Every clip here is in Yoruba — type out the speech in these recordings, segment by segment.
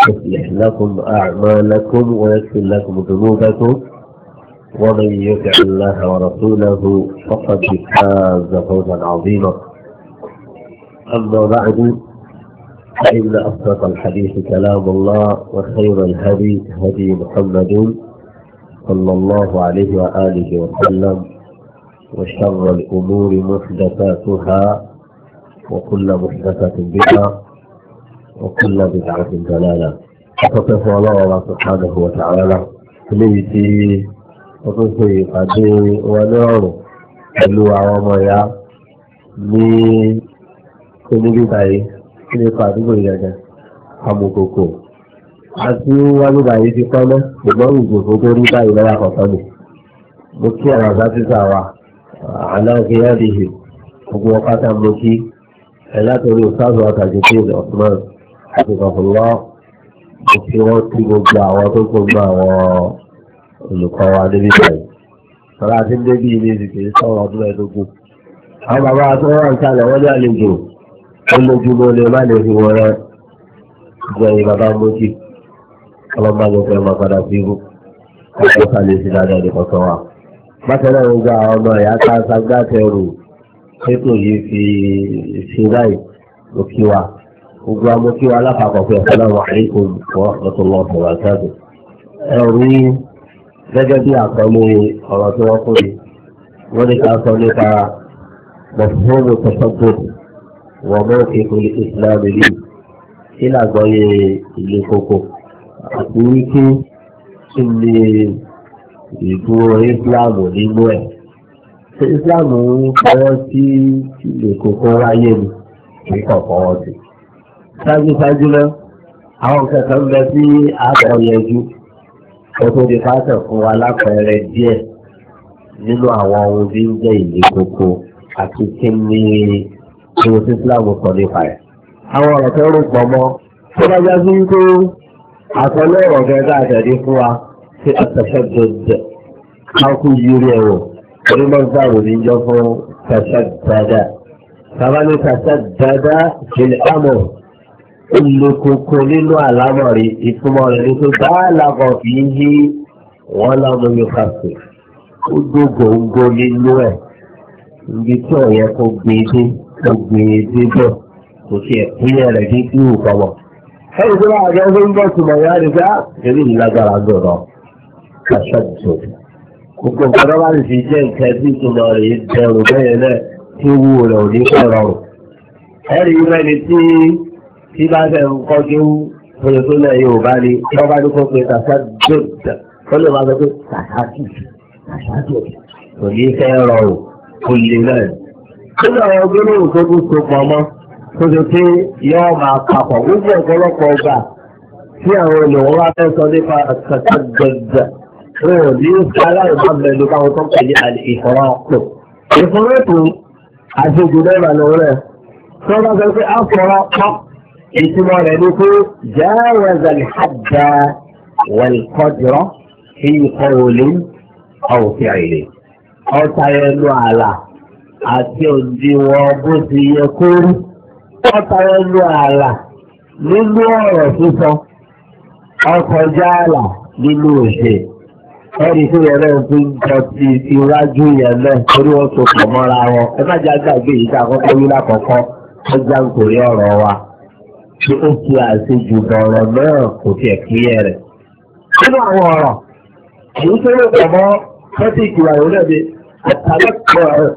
يصلح لكم أعمالكم ويغفر لكم ذنوبكم ومن يطع الله ورسوله فقد فاز فوزا عظيما أما بعد فإن أصدق الحديث كلام الله وخير الهدي هدي محمد صلى الله عليه وآله وسلم وشر الأمور محدثاتها وكل محدثة بها وكل بدعة ضلالة فقط الله سبحانه وتعالى eléyìí tí wọ́n tún ṣe ìpàdé wọn ní ọ̀rùn pẹ̀lú àwọn ọmọ ìyá ní oníbíbá yìí nípa àdúgbò ìyàgà amòkòkò àti wáyébà yìí ti pẹ́ mọ́ ṣùgbọ́n ìgbòho tó rí báyìí lọ́wọ́ àkọ́kọ́ ni mo kí àwọn àgbàtìsà wa aláàfíà lè gbogbo ọkọ̀ tá a mọ kí ẹ̀ látọ̀rí òṣàlù àtàjù pé ọ̀sùnmọ́rùn àtìkọ̀kùnlọ́ àti wọ́n tí gbogbo àwọn tó gbogbo àwọn olùkọ́ wa níbí báyìí. Sọlá ti ń débí ilé ìdìbò sọ̀rọ̀ ọdún ẹ̀dógún. Àwọn bàbá tó wà ń kalẹ̀ wọ́n ní àlejò ó lójú ló lè má lè fi wọ́n rẹ̀ gbẹ̀yìn bàbá méjì. Ọlọ́mọ àgbẹ̀ fẹ́ máa padà sí ibú. Ọkọ̀ sálẹ̀ sí dáadáa ní kọ̀ọ̀kan wa. Bákan ń gba àwọn ọmọ ìyá ká sagbátẹrù. Ṣé kò fi ṣe báyìí? Òkè wa gbogbo àwọn tí wọn alápapọ̀ pé assalamu alaykum wa rahmatullahi wa barakatuh. ẹ̀rù gẹ́gẹ́ bí àkọlé ọ̀rọ̀ tí wọ́n kó yìí wọ́n ní ká sọ nípa mọ̀fóònù tọ́sọ́gbò wọ́n mọ̀ kí kò ní islam rí kí làgbọ́yé ilé koko àti wípé kí ni ìdúró islam nínú ẹ̀. ṣé ń fọwọ́ sí ilé koko wáyé ni kí kọ̀ọ̀kan wọ́n ṣáájú ṣáájú lọ àwọn nǹkan kan bẹ sí àbọ̀ yẹjú kó tó di pásẹ̀ fún wa díẹ̀ nínú àwọn ohun tí ń jẹ́ ìlé koko àti kí ni ohun tí Islam sọ nípa ẹ̀. àwọn ọ̀rọ̀ tó rò pọ̀ mọ́ tó bá já sí pé àtọ́lé ọ̀rọ̀ gẹ́gẹ́ àtẹ̀dé fún wa ṣe àtẹ̀fẹ́ dẹ̀dẹ̀ káàkú yiri ẹ̀wò onímọ̀gbà wò ní jọ fún tẹ̀fẹ́ dada. sábà ní tẹ̀fẹ́ dada ilé koko nínú àlámọ̀ rẹ̀ ìtumọ̀ rẹ̀ ní pé báàlàbọ̀ kì í yí wọn lọ́mọ yóò kàṣẹ. ó dógò ń gbó nínú ẹ̀ ibi tí ọ̀yẹ́ kò gbé dé kò gbé dé bọ̀ kò sí ẹ̀kúnyẹ́ rẹ̀ ní kí wù kọ́mọ̀. ẹni tó bá àjọ tó bọ̀ tùmọ̀ yá ni pé ah, èmi yìí lágbára gbọ̀nà kàṣà jù. gbogbo nǹkan bá ti jẹ́ nǹkan bí ìtumọ̀ rẹ̀ dẹrù bẹ́yẹn náà tí wù rẹ̀ ò kọ́ rọrùn. ẹ̀rí tí bá fẹ́ ń kọjú olè tó lẹ̀ yóò bá ní tí wọ́n bá ní kó pe tàṣà jòdà ó lè máa sọ pé tàṣà jòdà tàṣà jòdà kò ní fẹ́ rọrùn kò lè náà. nínú àwọn gbólóhùn tó tún so pọ̀ mọ́ tó ṣe pé yóò máa papọ̀ gbogbo ọ̀pọ̀lọpọ̀ ọgbà tí àwọn olùwọ́n wá fẹ́ sọ nípa tàṣà jòdà wọn ní fẹ́ aláìmọ́ mẹ́lú báwọn tó ń pè ní ìfọwọ́pọ̀. ìfọwọ́pọ̀ àṣejù náà lọ́wọ́ rẹ̀ sọ ìtumọ̀ rẹ̀ ni pé jáwèza lìhàdà wẹ̀lkọ́dìrọ̀ fi kọ́wọ́lé ọ̀fẹ́ àìlè ọ̀tá ẹnu àlà àti òdiwọ̀n bó ti yẹ kóró ọ̀tá ẹnu àlà nínú ọ̀rọ̀ sísọ ọkọjá àlà nínú òṣè ẹni tó yẹ náà ti ń jọ ti iwájú yẹn náà torí wọn so pọ̀ mọ́ra wọn ẹ má jẹ́ àgbàgbé yìí tá kọ́kọ́ wí lákọ̀ọ́kọ́ ọjà ń kórè ọ̀rọ̀ wa ṣé ó fi àṣejù bọ̀rọ̀ náà kò tiẹ̀ kílẹ̀ rẹ̀. nínú àwọn ọ̀rọ̀ èyí tó lè pọ̀ mọ́ fẹ́tí ìkìlọ̀ ìwé náà ni àtàlẹ́kọ̀ọ́ rẹ̀.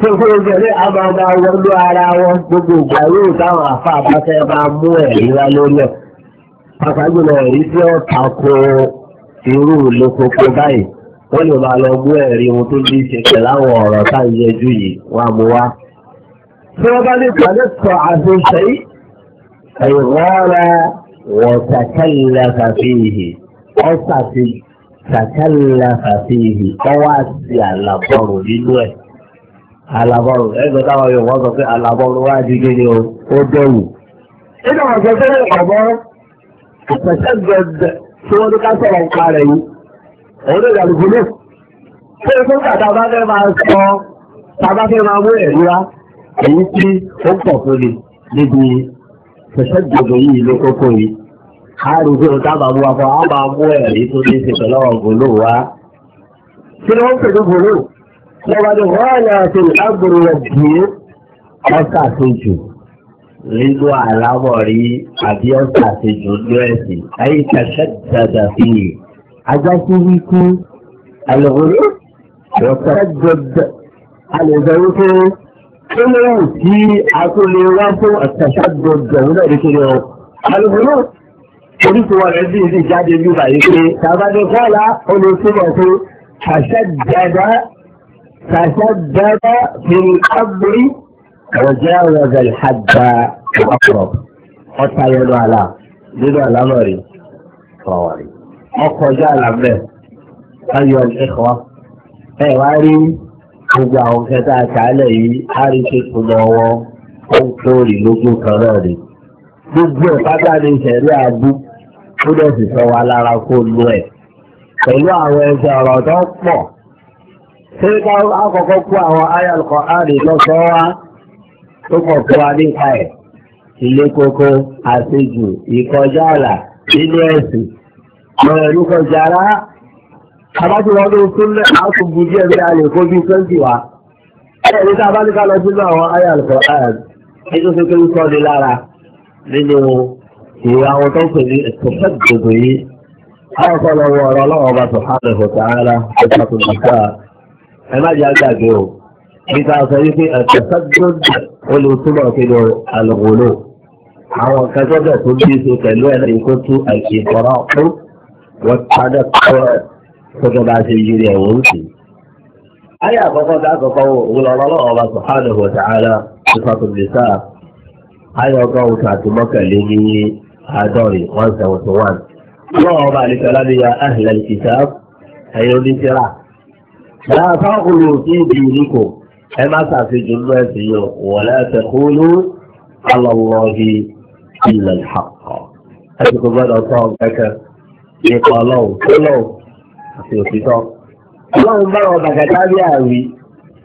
tó fún ojú ẹ̀ ní àmà máa wọnú ara wọn gbogbo ìgbà yóò táwọn àfa àbáfẹ́ máa mú ẹ̀rí wá lórí ẹ̀. pàtàkì náà èyí tí wọ́n tako irú lókoko báyìí wọ́n lè máa lọ mú ẹ̀rí ohun tó ní ṣe pẹ̀lú àwọn ọ̀rọ̀ táyẹjú yìí wọ́n á mú wá. tí wọ́n bá lè pàdé sọ àṣeyṣe yìí ìwọ́ra wọ̀tàkàlàfà fìhì ọ̀sà ti tàkàlàfà fìhì ọwọ́ àti àlàbọ̀rù nínú ẹ̀. àlàbọ̀rù ẹgbẹ́ táwọn Yorùbá sọ pé àlàbọ̀rù wá di gíní o ó dẹ̀wù. nínú ọ̀sẹ̀ tó lè ọ̀bọ ìpẹ̀sẹ̀ gbẹ̀gbẹ̀ tí wọ́n ní ká sọ̀rọ̀ ń parẹ̀ yìí òun ní ìdàlùkù náà. ṣé ìfún kàtà bá fẹ́ máa sọ tàbá fẹ́ máa mú ẹ̀rí èyí tí ó pọ̀ fún mi níbi ṣẹ̀ṣẹ̀ gbogbo yìí ló kókó yìí a rí pé o dábàá mú wa fún wa máa mú ẹ̀rí tó ní ṣe pẹ̀lú àwọn gòló wa. kí ni wọ́n ń pèsè gòló? lọ́wọ́ ni wọ́n yà ṣe lágbóró rẹ̀ bí ọ̀sà àṣejù nínú àlámọ̀rí àbí ọ̀sà àṣejù ní ẹ̀sìn ayé ṣẹ̀ṣẹ̀ dàda fi yìí. ajá sí wíkú àlùkò ní ọ̀sà àjọ̀dọ̀ àlùkò kílóhùn tí a tó lè wá fún àtàṣà gbọ̀ngàn náà lè kéré ọ. alùpùpù orísun wa rẹ̀ sì sì jáde bí bàyí pé tàbádé kọ́lá olùsúnmọ̀ pé àṣà dada àṣà dada fìlì ábúrí ọ̀jẹ́ ọ̀rẹ́dẹ̀ ìhàjà ọ̀pọ̀ ọ̀tá yẹnu àlà nínú àlámọ̀rí ọ̀wọ̀rí ọkọ̀já àlàmẹ́ ayọ̀ ẹ̀kọ́ ẹ̀ wá rí gbogbo àwọn kẹta àtàlẹ̀ yìí á rí pé kò lọ wọn ó ń kó ìlógún kan náà ni. gbogbo ẹ̀ pátá ni ìṣẹ̀rí àbú ó dẹ̀ sì sọ wa lára kó lu ẹ̀. pẹ̀lú àwọn ẹgbẹ́ ọ̀rọ̀ tó pọ̀ ṣé ká àkọ́kọ́ kó àwọn ayọ̀lùkọ́ àrè lọ́sọ̀ọ́ wa tó pọ̀ fún wa nípa ẹ̀ ilé kókó àṣejù ìkọjá àlà nínú ẹ̀sìn lọ́rọ̀ ẹ̀rú kọjá rárá àbájú wọn ló tún lẹ́ àkùnkù díẹ̀ bí a lè kó twenty wa ẹ̀rí tá a bá ní ká lọ sínú àwọn ayé àlùkò ayàlù nínú tó kéré sọ ni lára nínú ìwé àwọn tó ń pè ní ìtòfẹ́ gbogbo yìí àwọn kan lọ wọ ọ̀rọ̀ ọlọ́wọ́ ọba subhanahu wa ta'ala ọba tó ní ká ẹ má jẹ́ àgbàgbé o nígbà sọ yìí pé ẹ̀tọ́fẹ́ gbogbo ó lè túmọ̀ sínú àlùkòlò àwọn kẹsọ́dọ̀ tó bí ṣe pẹ̀lú ẹ̀ kótó bá ṣe yiri ẹ̀wọ̀ ń sè. ayé àkọ́kọ́ tá a kọ́kọ́ wò wọ́n lọ́wọ́ ọba subhanahu wa ta'ala sifatu nisa ayé ọgọ́rùn-ún tààtì mọ́kànlé ní àádọ́rin one seventy one. wọ́n ọba àlìkọ́lá ni ya ahlal kitab ẹ̀yin oníṣẹ́ra. láàfà kúrò sí ibi ìlíkò ẹ má ṣàfihàn nínú ẹ̀sìn yìí wọ́n lẹ́sẹ̀ kúrú alọ́lọ́hì ilẹ̀ ìhàkọ́. ẹ àti òtítọ́. ọlọ́run bá wọn bàgàtà rí àrí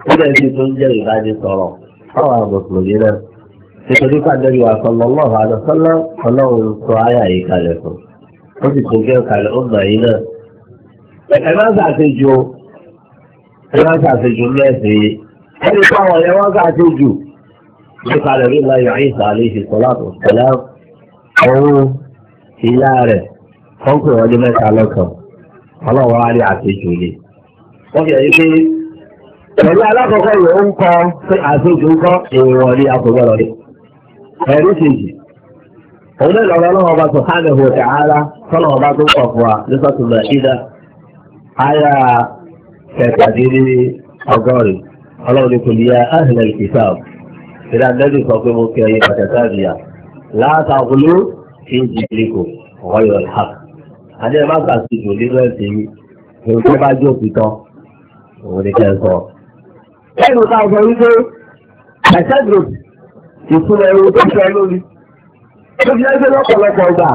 ó lè fi tó ń jẹ́ ìbánisọ̀rọ̀ fáwọn àmọ̀sùlùmí náà. nítorí pàdánù àsọlọ ọlọ́run àlọ́sọ́lá ọlọ́run sọ ayà yìí kalẹ̀ fún ó sì tó gẹ́ kalẹ̀ ó gbà yín náà. ẹ má ṣàṣejù ẹ má ṣàṣejù mẹ́sìn yìí ẹni táwọn ẹ wọ́n ṣàṣejù nípa rẹ̀ nígbà yọ̀ àyíṣà àléṣe sọlá sọlá òun ìyá rẹ̀ kọ́ńkùn ọdún mẹ́ta lọ́kàn. ọlọ́wọ́ á rí àṣejù ni. wọ́n fi ẹ̀yí pé ẹ̀rí alákọ̀ọ́kọ́ rẹ̀ ó ń kọ́ pé àṣejù ń ní akọ̀gbọ́rọ̀ rẹ̀. ẹ̀rí kejì òun náà lọ́rọ́ ọlọ́wọ́ ọba subhanahu wa ta'ala tọ́lọ́ ọba tó fún wa kẹtàdínní ọgọ́rin ní kò ní yá àdé má gbà sí ìlú nínú yìí èyí tó bá jó òtítọ́ òun ni kẹ́ ń sọ. lẹ́nu ta sọ wípé ẹ̀sẹ̀ group ìfúnra ẹ̀rọ tó sọ lórí tó fi ẹgbẹ́ lọ́pọ̀lọpọ̀ gbà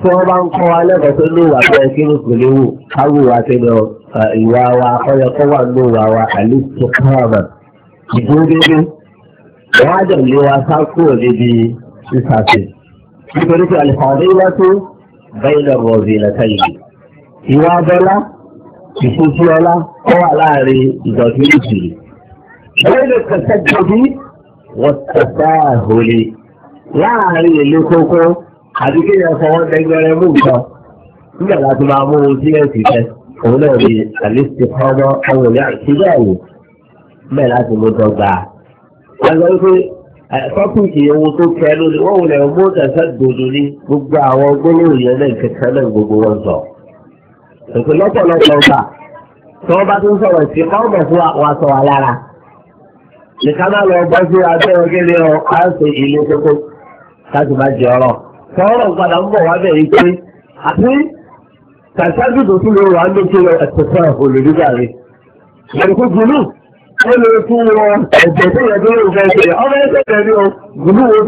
tí wọ́n bá ń kọ́ wa lẹ́kọ̀ọ́ ní ìwà bẹ́ẹ̀ kí ló kò léwu káwù wa ti lọ ìwà wa ọyọ kọ́ wà ní ìwà wa àlè tó káwàmà ìdúró dédé wọ́n á dẹ̀ lé wa kúrò níbi sísàsì nítorí pé àlùfáà bẹ́ẹ̀lẹ̀ rọ̀bì lẹ́tẹ̀lẹ̀. Ìwà abọ́lá, ìfúnfún ọlá, ó wà láàrin ìdọ̀tí méjì. Bẹ́ẹ̀lẹ̀ kẹsẹ̀ jọbí, wọ́n tẹ̀sẹ̀ àhòlè. Láàrin ìlú kókó, àti kí ẹ fọwọ́ dẹgbẹrẹ mú nǹkan. Nígbà láti máa mú ohun tí ẹ ti fẹ́, òun náà ni àlèsè ọmọ ọmọ ìyá ìṣẹ́gbẹ̀ Bẹ́ẹ̀ tọ́kù ìyẹ̀wò tó kẹ́ lórí wọ́n wulẹ̀ mú tẹ̀sẹ̀ gbòdò ní gbogbo àwọn gbólóhùn yẹn náà kẹ̀kẹ́ náà gbogbo wọn sọ. Òkè lọ́pọ̀lọpọ̀ ọgbà tí wọ́n bá tún sọ̀rọ̀ sí kọ́ọ̀mọ̀ fún wa sọ wa lára. Nìkan náà lọ bọ́ sí abẹ́ ọgẹ́lẹ́ ọ á ṣe ìlú kókó láti má jẹ ọ̀rọ̀. Sọ̀rọ̀ padà ń bọ̀ wá bẹ̀ yìí pé àti wọ́n lè fún wọn ẹ̀jẹ̀ tó yẹ kí wọ́n fẹ́ ṣe ọmọ ẹgbẹ́ rẹ̀ ní o gùnú wo dùn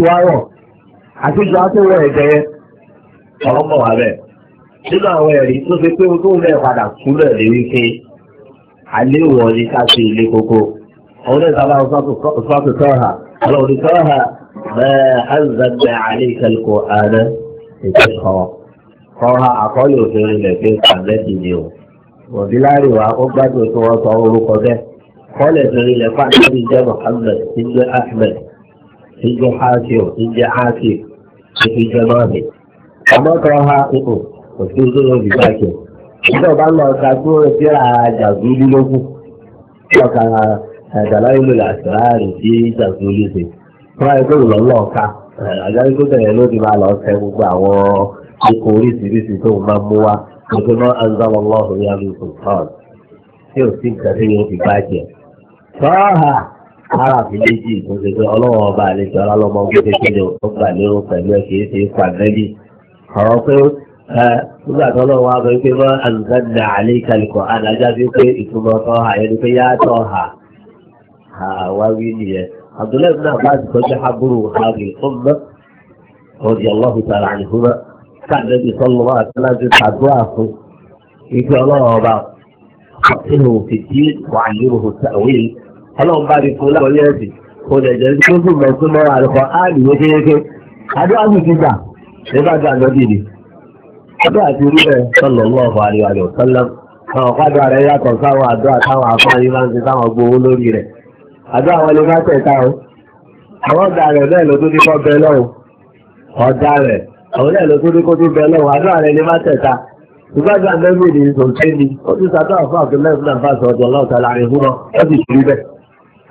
fi o láàrin kọ́lẹ̀ torí ilẹ̀ fáńtì ń jẹ́ Muhammad ń jẹ́ Ahmed ń jẹ́ Hafiu ń jẹ́ Hafiu ń jẹ́ ha ipò kò sí ojú lóbi báyìí. nígbà bá ń lọ ọ̀ka tó ń fi àjàgbé lílógún ọ̀ka àjàláyé ló là sàárì sí tọ́ha ara fi méjì kò sì pé ọlọ́wọ́ ọba àlejò ọlọ́mọ gbèsè kéde ó gbà lérò pẹ̀lú ẹ̀ kì í ṣe pàdánì ọ̀rọ̀ pé nígbà tó lọ́wọ́ wa bẹ̀rẹ̀ pé mọ́ àǹzánà àlẹ́ ọlọ́run bá di fún láwọn yẹ́sì kò lè jẹ́ tó sì mọ̀ sí mọ́ra ti gbà nígbà tí àjọ dìde àti orí rẹ̀ sọ̀lọ̀ ọ̀fọ̀ àríwá rẹ̀ sọ́lọ́ àwọn ọ̀pá rẹ̀ yàtọ̀ sáwọn àdó àtàwọn afáàní máa ń ti sáwọn gbowó lórí rẹ̀ àdó àwọn ilé mẹ́tẹ̀ táwọn àwọn ọ̀dà rẹ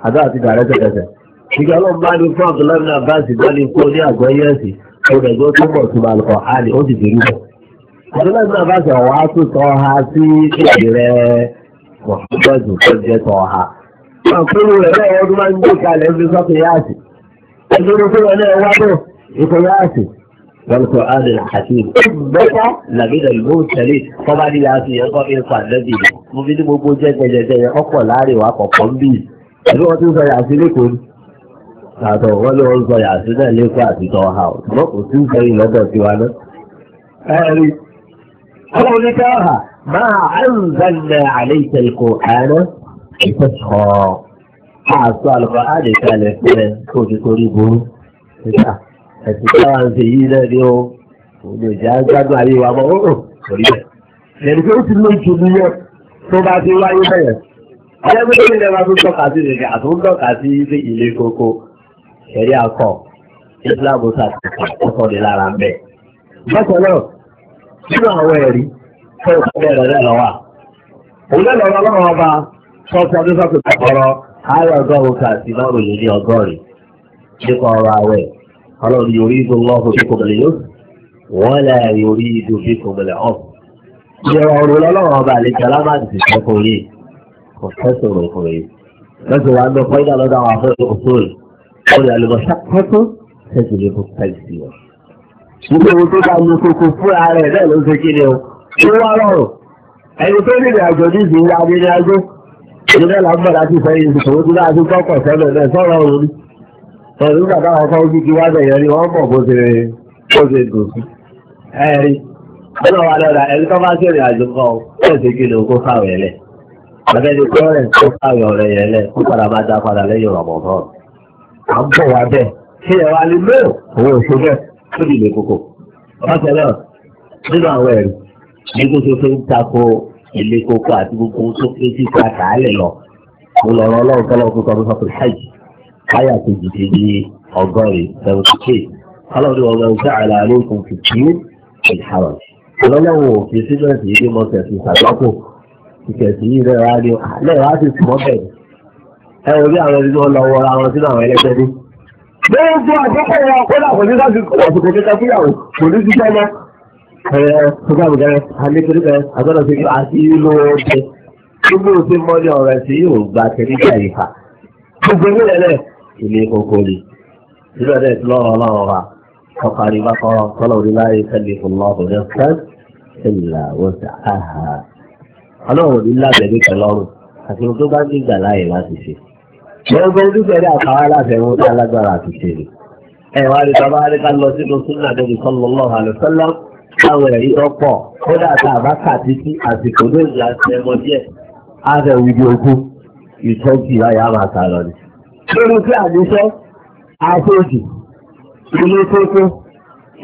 àbá àti dàrẹ́ tẹ̀tẹ̀tẹ̀. ìgbà ọlọ́run bá ní fún abdullahi náà bá bá ní fún ní àgọ́ yẹ́sì olùgbọ́ tó bọ̀ tó máa lọ́kọ̀ á ní ó sì dérí bọ̀. abdullahi náà bá sọ wàá tọ́ ha sí èdè rẹ̀ mọ̀tọ́jú tó jẹ́ tọ́ ha. àkúrú rẹ̀ náà wọ́n máa ń gbé kalẹ̀ fi sọ́kè yáàsì. ẹgbẹ́ni ló ń tẹ̀lé kọ́bádìyà ẹ̀rọ wọn ti ń sọ yàtí lẹ́kọ̀ọ́ ni àtọ̀ wọn ló ń sọ yàtí náà lẹ́kọ̀ọ́ àti tọ́ ha ọ̀ ṣùgbọ́n kò sí sọ yìí lọ́dọ̀ tiwa náà. ẹ̀rí ọmọ mi ká hà máa àǹzàlẹ̀ àlẹ́ ìtẹ̀lẹ̀kọ̀ àná ìtẹ̀sọ̀ àṣọ àlùkọ́ àdìkalẹ̀ fẹ́ kó ti torí burú. ẹ̀sìn táwa ń ṣe yìí náà ni ó òun ò já gbádùn ayé wa mọ́ ó ò torí bẹ́ẹ̀. ẹ̀rí Ẹgbẹ́ tí ilẹ̀ máa tún tọ́ka sí ìrìnkà àtún tọ́ka sí ilé ilé kókó. Ṣẹ̀rí akọ, Islam sàtìkà ọkọ̀ ní lára ń bẹ̀. Bákan náà, nínú àwọn ẹ̀rí fún ìpínlẹ̀ rẹ̀ náà lọ́wà. Òun náà lọ́wọ́ lọ́wọ́ ọba sọ́kọ́ ní sọ́kọ́ ìpàkọ́rọ́ ayé ọgọ́rùn-ún kà sí márùn-ún yìí ní ọgọ́rin nípa ọ̀rọ̀ àwẹ̀. Ọlọ́run yóò rí ibi lọ́hù bíkò mẹ́lẹ̀ yóò wọ́n lẹ̀ yóò rí ibi bíkò mẹ́lẹ̀ ọ̀. Ìyẹ̀wò ọ̀rọ̀ lọ́wọ́ ọba àlejò alámàdì ti sọ́kọ́ yìí kò tẹ́sọ̀rọ̀ fún yìí lọ́sọ̀ wa ń lọ fọ́yìnà lọ́dọ̀ àwọn afẹ́rẹ́ òṣòrì lórí àlùbọ̀sá pẹ́tọ́ tẹ́sọ̀ lè fún káyìsì wọn. Ilé wo tó bá lu koko fún ààrẹ bẹ́ẹ̀ ló ṣe kíni o. Ṣé wá rọrùn? Ẹni tó ní ìrìnàjò ní ìsìn wa ní ìrìnàjò. Ìjọba ìlà ń bọ̀ ti gbọ́kọ̀ sẹ́lẹ̀ náà sọ̀rọ̀ ti wá bẹ̀yẹ ni wọ́n mọ̀ bó ẹni tó bá ṣe ìrìnàjò kan ó ṣe kíni o kó fáwọn ẹlẹ́. Àbẹ́ni Kọ́rẹ̀ tó káyọ̀ rẹ̀ yẹn lẹ̀ kó padà máa dá padà lẹ́yìn Ramadan. À ń bọ̀ wá bẹ́ẹ̀. Ṣé ẹ wá lè lé òun òṣè bẹ́ẹ̀ tó dìde kókò? Bákan náà, nínú àwọn ẹ̀rí, ní kó ṣe fi ń tako ilé kókó àti gbogbo tó pé tí ká kàálẹ̀ lọ. Mo lọ rọ ọlọ́run tọ́lọ́ fún kọ́ Mọ́sọ́kù Hajj. Káyà kejì ti di ọgọ́rin seventy eight ìkẹ̀sí yìí lẹ́yìn lẹ́yìn wá sì bẹ̀rẹ̀ ẹ wo bí àwọn ẹni tó lọ wọra wọn sínú àwọn ẹlẹ́gbẹ́ ní. lóyún fún àkókò wa kódà kò ní láti àsìkò fúyàwó kò ní ṣiṣẹ́ lọ. ẹ fúnka mi gẹrẹ alekere gẹrẹ agbọ́dọ̀ àti ìlú ọdẹ gbogbo òfin mọlẹ ọ̀rẹ́ sí yóò gba kẹríkà ìfà gbogbo ìlú rẹ ilé koko ọlọ́run ní lábẹ́lé kan lọ́rùn àti ohun tó bá ní ìgbà láàyè láti ṣe. gbẹ̀rùgbẹ̀rù dúpẹ̀rẹ̀ àtàwọn aláṣẹ wọn tó alágbára àti ṣe rè. ẹ wá rí bàbá rí ká lọ sínú súnà débi sallallahu alaihi wasallam káwọn ẹ̀rí tó pọ̀ kódà tá a bá kà títí àsìkò ní ìlà ẹmọ díẹ̀ á fẹ́ wí bí ogún ìtọ́jú ìyá máa ta lọ ni. lórí pé àníṣe àṣejù tuntun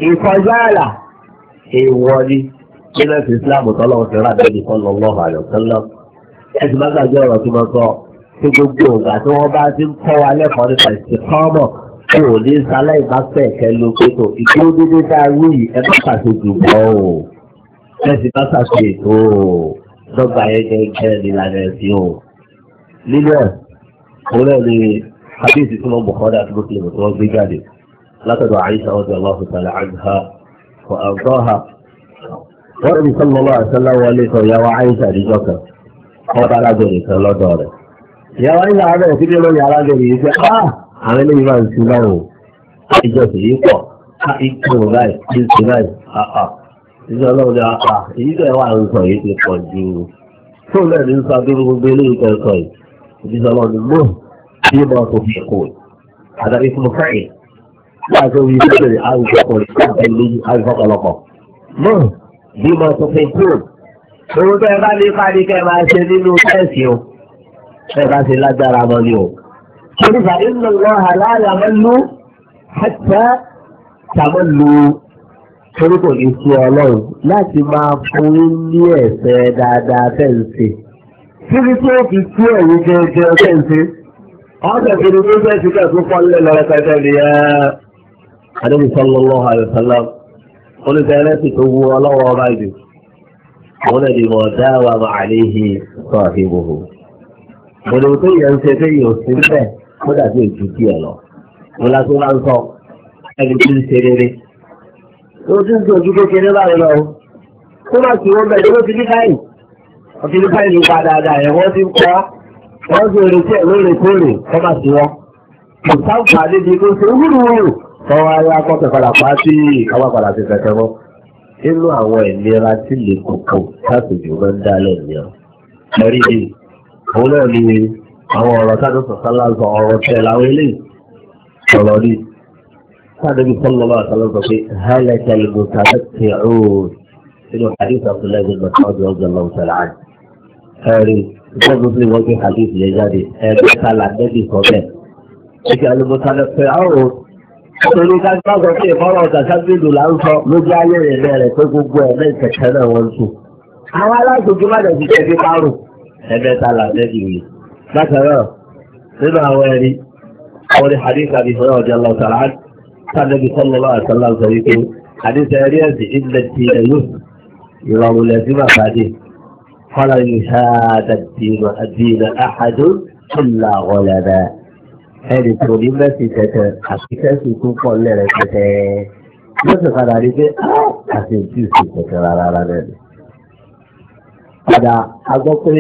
ìkọjá àlà nínú ẹ̀sìn ìsìláàmù tọ́lọ́ ọ̀sẹ̀ rà níbi sọ́lọ́ àyọ̀kẹ́lọ́ ẹ̀sìn máa gbàgbé ọ̀rọ̀ tí mo sọ tí gbogbo ògbà tí wọ́n bá ti ń kọ́ wa lẹ́kọ̀ọ́ nípa ìsìnkọ́mọ̀ kí ò ní sáláì bá kẹlu pẹ̀tọ̀ ìdúró dédé dá wíì ẹ má pàṣẹ jù bọ́ o ẹ̀sìn má pàṣẹ ètò o dọ́gba yẹn gẹ́gẹ́ nílànà ẹ̀sìn o wọ́n rí sọ́lọ́lọ́ àṣẹlá wọlé sọ ìyàwó àyíṣà àdìjọ́ kan wọ́n bá arábìnrin kan lọ́dọ̀ rẹ̀. ìyàwó àyíṣà arábìnrin sí ní lórí arábìnrin yìí pé ah, àwọn eléyìí máa ń sin lọ́rùn ìjọ sì yí pọ̀ ìkó ráì ìkó ráì ìjọ náà ní ah, ah! èyí tẹ̀ wà ń sọ yìí ti pọ̀ ju tó náà ní sọ adúrú gbogbo eléyìí bímọ tuntun tó owó tó ẹ bá ní parí kẹ máa ṣe nínú tẹ́ẹ̀sì o ẹ bá ṣe lágbára mọ́ ni o. Ṣèlúfà inú lọ àlàyé mẹ́lú ẹ̀tẹ́ tàmẹ́lú torí kò ní sí ọlọ́run láti máa fún ní ẹ̀sẹ̀ dáadáa fẹ́ǹsì. Títí tí ó fi sí ẹ̀yìn gẹ́gẹ́ fẹ́ǹsì, ọ̀sẹ̀ fi ni tó fẹ́ǹsì kẹ́ẹ̀kú pọ́nlẹ̀ lọ́rẹ́pẹ́tẹ́ ni ẹ́ Adébísọ́lọ́lọ́ àyọ̀sálàmù olùdarí tó wu ọlọ́wọ́ ọba jù àwọn ẹ̀dì mọ̀ dáwà mà àléhì sọ àfihàn òdò tó yẹ ń ṣe pé yóò sí bẹ́ẹ̀ kó dàbí ojú díẹ̀ lọ mo lásán máa ń sọ ẹni tí ń ṣe rere ó ti ń sọ ojú kékeré báyìí lọ kó má sì wọ́n bẹ̀rẹ̀ ló ti ní báyìí wọ́n ti ní báyìí ló padà dà ẹ̀ wọ́n ti ń kọ́ wọ́n ti retí ẹ̀ lóòrèkóòrè kó má sì wọ́n kò sáǹfà níbi kó ṣe wúrúwúrú tọ́wọ́ alákọ̀ọ́kẹ́ padà pa sí àwọn padà ti fẹ̀fẹ̀ mọ́ nínú àwọn ìlera tí lè kókò látòjò máa ń dá lẹ́nu yẹn lórí ni òun náà ni àwọn ọ̀rọ̀ sádùn sọ̀sálà sọ ọ̀rọ̀ tẹ̀ láwọn eléyìí ọ̀rọ̀ ni sádùn sọ̀lọ́ máa sọ̀lọ́ sọ pé hálẹ̀ kẹlẹ́gùn tàbí tẹ̀ nínú hadith abdullahi bin masoud ọjọ́ torí ká gbọ́dọ̀ sí ìfọ́rọ̀ ọ̀sàságbèdò là ń sọ lójú ayé rẹ̀ bẹ̀rẹ̀ pé gbogbo ẹ̀ náà kẹ̀kẹ́ náà wọ́n tù. àwọn aláṣojú má dẹ̀ ti tẹ̀sí kárò ẹ̀mẹ́ta là lẹ́bi rè. bákan náà nínú àwọn ẹ̀rí àwọn hadith àbí fún ọ̀dẹ lọ́sàrá sàdẹ́bí sọ́lọ́lá àtàlà sọ wípé hadith ẹ̀rí ẹ̀sìn ilẹ̀ ti ẹ̀yọ́ ìrọ̀rùn ẹnì kò ní mẹ́sì tẹ̀tẹ̀ àti kẹ́sì tún pọ̀ lẹ́rẹ̀ tẹ̀tẹ̀ yóò sì padà rí pé àti ìtì sí tẹ̀tẹ̀ rárá rárá lẹ́nu. padà a gbọ́ pé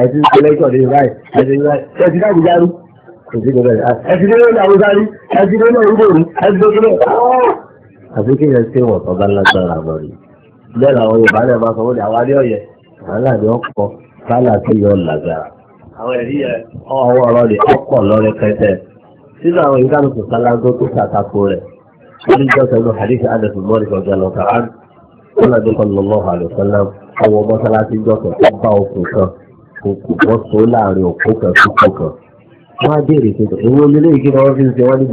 ẹ̀sì kọ́lẹ́kọ̀ ní báyìí ẹ̀sì báyìí ẹ̀sì náà kò járu ẹ̀sì bẹ̀rẹ̀ ẹ̀sì náà ní àwùjá rí ẹ̀sì náà ní orúkọ rí ẹ̀sì náà kò bẹ̀rẹ̀ àti kí yẹn ṣe wọ̀tọ̀ bá lágbára lọ rí bẹ́ẹ̀ làwọn Yorùbá náà máa sọ wọ́n ní àwa ọ̀yẹ́ àwa náà ọkọ̀ bá láti yọ lágbára. àwọn ẹ̀rí ẹ̀ ọwọ́ ọ̀rọ̀ rẹ̀ ọ̀pọ̀ lọ́rẹ̀ kẹtẹ sínú àwọn ìdánùkù sálágó tó ṣàtakò rẹ̀ wọ́n jẹ́ hadith adẹ́sù mọ́rí ọ̀gá lọ́ta án wọ́n lọ́dún kan ọwọ́ mọ́sálásí jọ́sọ̀ tó bá okùn kan okùn bọ́ so láàrin òkú kan sí kan wọ́n á béèrè pé èwo nílé ìkí ni wọ́n fi ń ṣe wọ́n ní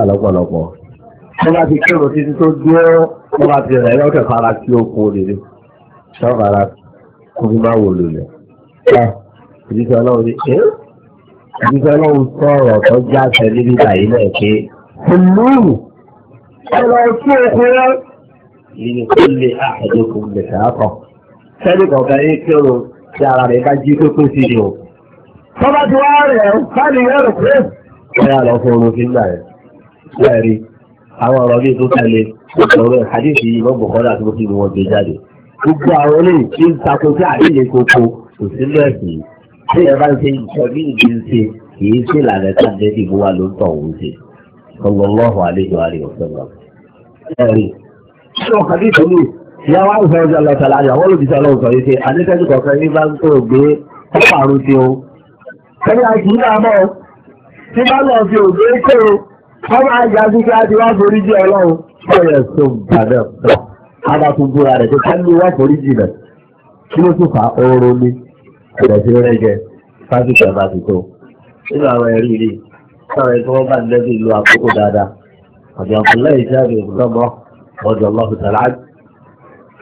bẹ́ẹ̀ ni tó bá ti kírò títí tó dúró tó bá ti rẹ̀ yọ́kẹ̀ fara sí okun òdìrí tó fara kò fi máa wò lulẹ̀ ìdíṣẹ́ ọlọ́run ní ṣe ìdíṣẹ́ ọlọ́run sọ̀rọ̀ tó jáṣẹ níbi ìdàyí náà pé olóòrùn ọlọ́ sí okun rẹ̀ ìyẹn tó lè àjẹkùn gbèsè àkọ́ sẹ́ni kọ̀ọ̀kan yìí kírò tí ara rẹ̀ bá jí pépé sí ni o tó ti wá rẹ̀ fáìlì yẹn rẹ̀ pé ọ̀yà lọ fún orun fi ń gbà rẹ̀ àwọn ọ̀rọ̀ bíi tó tẹ̀lé ọ̀rọ̀ àdéhùn yìí lọ́gbọ̀ kọ́lá tó fi wọ́n gbé jáde. gbogbo àwọn olóyìn tí ń takò sí àdéhùn koko kò sí lẹ́sìn tí ẹ bá ń ṣe ìṣọ́ bí ìdí ń ṣe kì í ṣe ìlànà tá àdé ìbò wa ló ń tọ̀ òun ṣe. ọlọ́lọ́hùn àlejò àrè ọ̀sẹ̀ lọ. ẹ̀rí ṣé ọkà bí ìtòlú ìyá wa ń sọ Ọmọ àjà gbígbé á ti wá forí jì ọlọ́run. Bẹ́ẹ̀ tó gbàdẹ̀ pọ̀. Ada tún búra rẹ̀ tó kálí wá forí jì rẹ̀. Kí ló tún fa oorun ní? Ẹ̀rẹ̀ sí rẹ́gẹ̀ fásitì ọ̀bá ti tó. Nínú àwọn ẹ̀rí rí, sọ̀rọ̀ ẹni tí wọ́n bá ń lẹ́bí ìlú àkókò dáadáa. Ọ̀dọ̀ ọ̀pọ̀lẹ́ ìjáde ìgbọ́mọ ọ̀dọ̀ ọlọ́fìtàlá.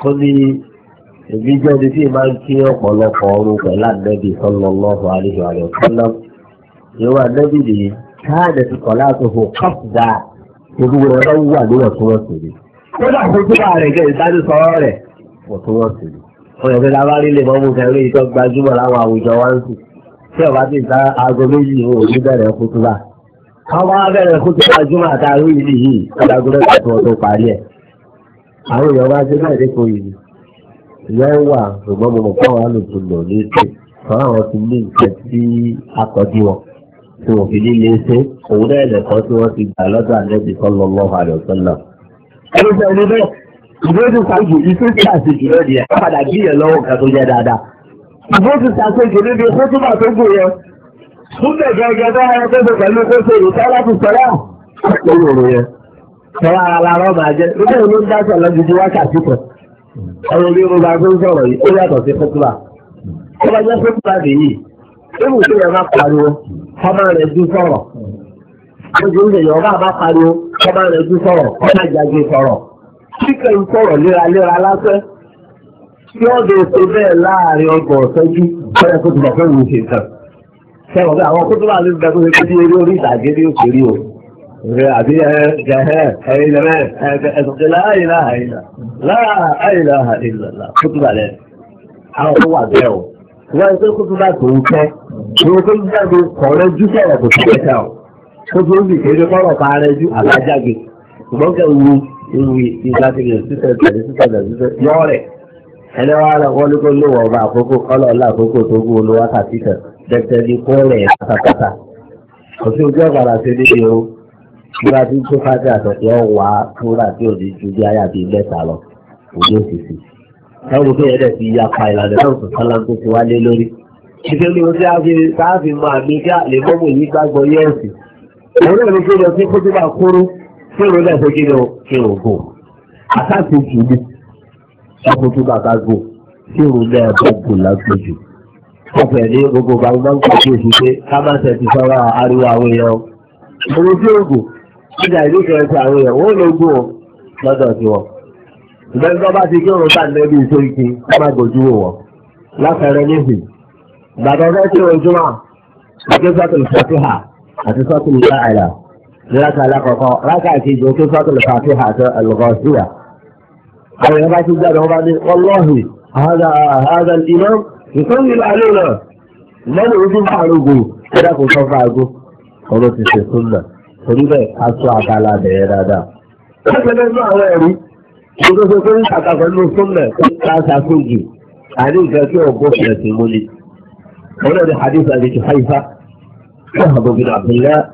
Ó ní èmi jẹ́ ẹni tí máa ń kí ọ̀pọ̀lọpọ̀ ọrùn pẹ̀lú àdẹ́bì sọ́lọ́lọ́hùn àríwá rẹ̀ kọ́lá. Ìwà àdẹ́bì nìyí káàdì sọ̀kọ̀ láti hù kọ́fùdà gbogbo rẹ̀ ló wà ní wọ̀túnwọ̀sì ni. kódà kó tó bá rẹ̀ jẹ́ ìdánilẹ́sọ̀rọ̀ rẹ̀ wọ̀túnwọ̀sì ni. wọ́n yẹ kí lábárí lè mọ́mú kẹrin ìjọ gbajúmọ̀ láwọn àwùjọ wá ń sùn. tí ọba ti ta aago méjì ò ní bẹ̀rẹ̀ kútúbà. káwọn abẹ́rẹ́ kútúbà júmọ̀ àtàrí ìlú yìí kọ́dàgúrẹ́ tó parí ẹ̀. àwọn tí wọ́n fi líle ṣe òun náà lẹ́kọ́ tí wọ́n ti gbà lọ́dọ̀ àlẹ́bí sallallahu alaihi wasallam. ẹni tẹ ẹni bẹ́ẹ̀ ìbéèrè ṣáàjù iṣẹ́ tí a ṣe jù lọ nìyẹn wọ́n padà bí yẹn lọ́wọ́ kan tó jẹ́ dáadáa. ìbéèrè ṣàṣe jù níbi kó túbà tó gùn yẹn. súnbẹ̀ gẹ́gẹ́ bá ara tó ṣe pẹ̀lú kó ṣe ìrù sọ́lá ti sọ́lá àpérò yẹn. sọ́lá ara lọ́ máa jẹ́ nígbà wo ló ń dá sọ̀rọ̀ yìí ó ọmọ rẹ̀ ju sọ̀rọ̀ ojú ń lèyàn ọba àbá pariwo ọmọ rẹ̀ ju sọ̀rọ̀ ọmọ àjàgbé sọ̀rọ̀ kíkẹ́ ń sọ̀rọ̀ léraléra lásẹ́ tí ó ṣe bẹ́ẹ̀ láàrin ọgbọ̀n ọ̀sẹ́jú ọ̀rẹ́ tó ti bọ̀ fún ìwé kan sẹ́wọ̀n bí àwọn kótó wà lórí ìgbàgbọ́ pé kí eré orí ìtàgé ní òṣèré o àbí ẹ̀ẹ́dẹ̀ẹ́ ẹ̀ẹ́dẹ̀ẹ́ ẹ̀ẹ́dẹ̀ẹ́ láàyìnlá àyìnlá láàyìnlá àyìnlá Ìwọ́n jáde kọ̀ọ̀rẹ́ sọ̀rọ̀ kò sí ọ̀. Ó tó ń bì kọ́rọ̀ pa ara ẹjú àbájáde. Ṣùgbọ́n kẹ́ ojú ọ̀gbàrà ṣe níbi o. Ìgbà tí tó fájì àtọ̀tẹ̀ ọ̀ wá fúnra tí ò ní ju bí ayà bíi mẹ́ta lọ. Òjò òṣìṣì. Ẹ wo ẹ̀dẹ̀ ti yapa ìlànà náà sọ̀tàn ti wá lé lórí ìṣe ní ojú àfi máa mi já lè mọ́mù yìí gbàgbọ́ yẹ́ẹ̀sì òun náà ní kí lọ sí kó kúrú tí òun náà fẹ́ lọ kí òun gò àtàkùn jù ní ọkùn bàbá gò tí òun náà bọ̀ gò lágbèjì ọ̀fẹ́ ní gbogbo bàbá máa ń kọ́ oṣù pé ká má tẹ̀ ti sọ́ra ariwo àwọn èèyàn òun tí ó gò nígbà ìlú kan ti àwọn èèyàn wọ́n ló gò lọ́dọ̀ sí wọn ìgbẹ́ni tó bá ti kí òun bá nẹ́bí ìsóríkì ká bàbá ọjọ́ tí wọ́n jùmọ̀ àti sọ́tù fàtíhà àti sọ́tù láàlà láti alákọ̀ọ́kọ́ láti àkejì òkè sọ́tù fàtíhà àti alùkọ́síyà. àwọn ìyá bá ti jáde wọn bá ní wọlọ́ọ̀hì àhádà àhádà ìmọ̀ nǹkan ní ìlànà náà lẹ́nu ojú bá àrùgbò ẹ̀dá kò sọ fún àgó ọ̀rọ̀ ti ṣe fún náà torí bẹ́ẹ̀ a sọ àbálà bẹ̀rẹ̀ dáadáa. lọ́sẹ̀ lẹ́nu àwọn ẹ̀rí ìgbésẹ̀ tó ń fún náà ولد حديث أبي كحيفة وهب بن عبد الله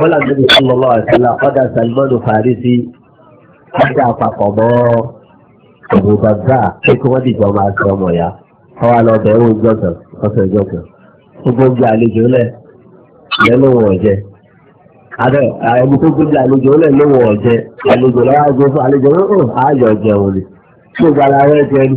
ولا النبي صلى الله عليه وسلم قد سلمان فارسي حتى فقضى أبو برداء حكمة جماعة سمويا هو على بيرو جوكر حسن جوكر وقوم جعلي جولة لأنه هو جه Adé ẹni tó gbéjà àlejò ó lẹ̀ lówó ọ̀jẹ́ àlejò lọ́wọ́ àjọ fún àlejò ó hàn ájọ jẹun ni. Tí o gbàlá rẹ̀ jẹ ni.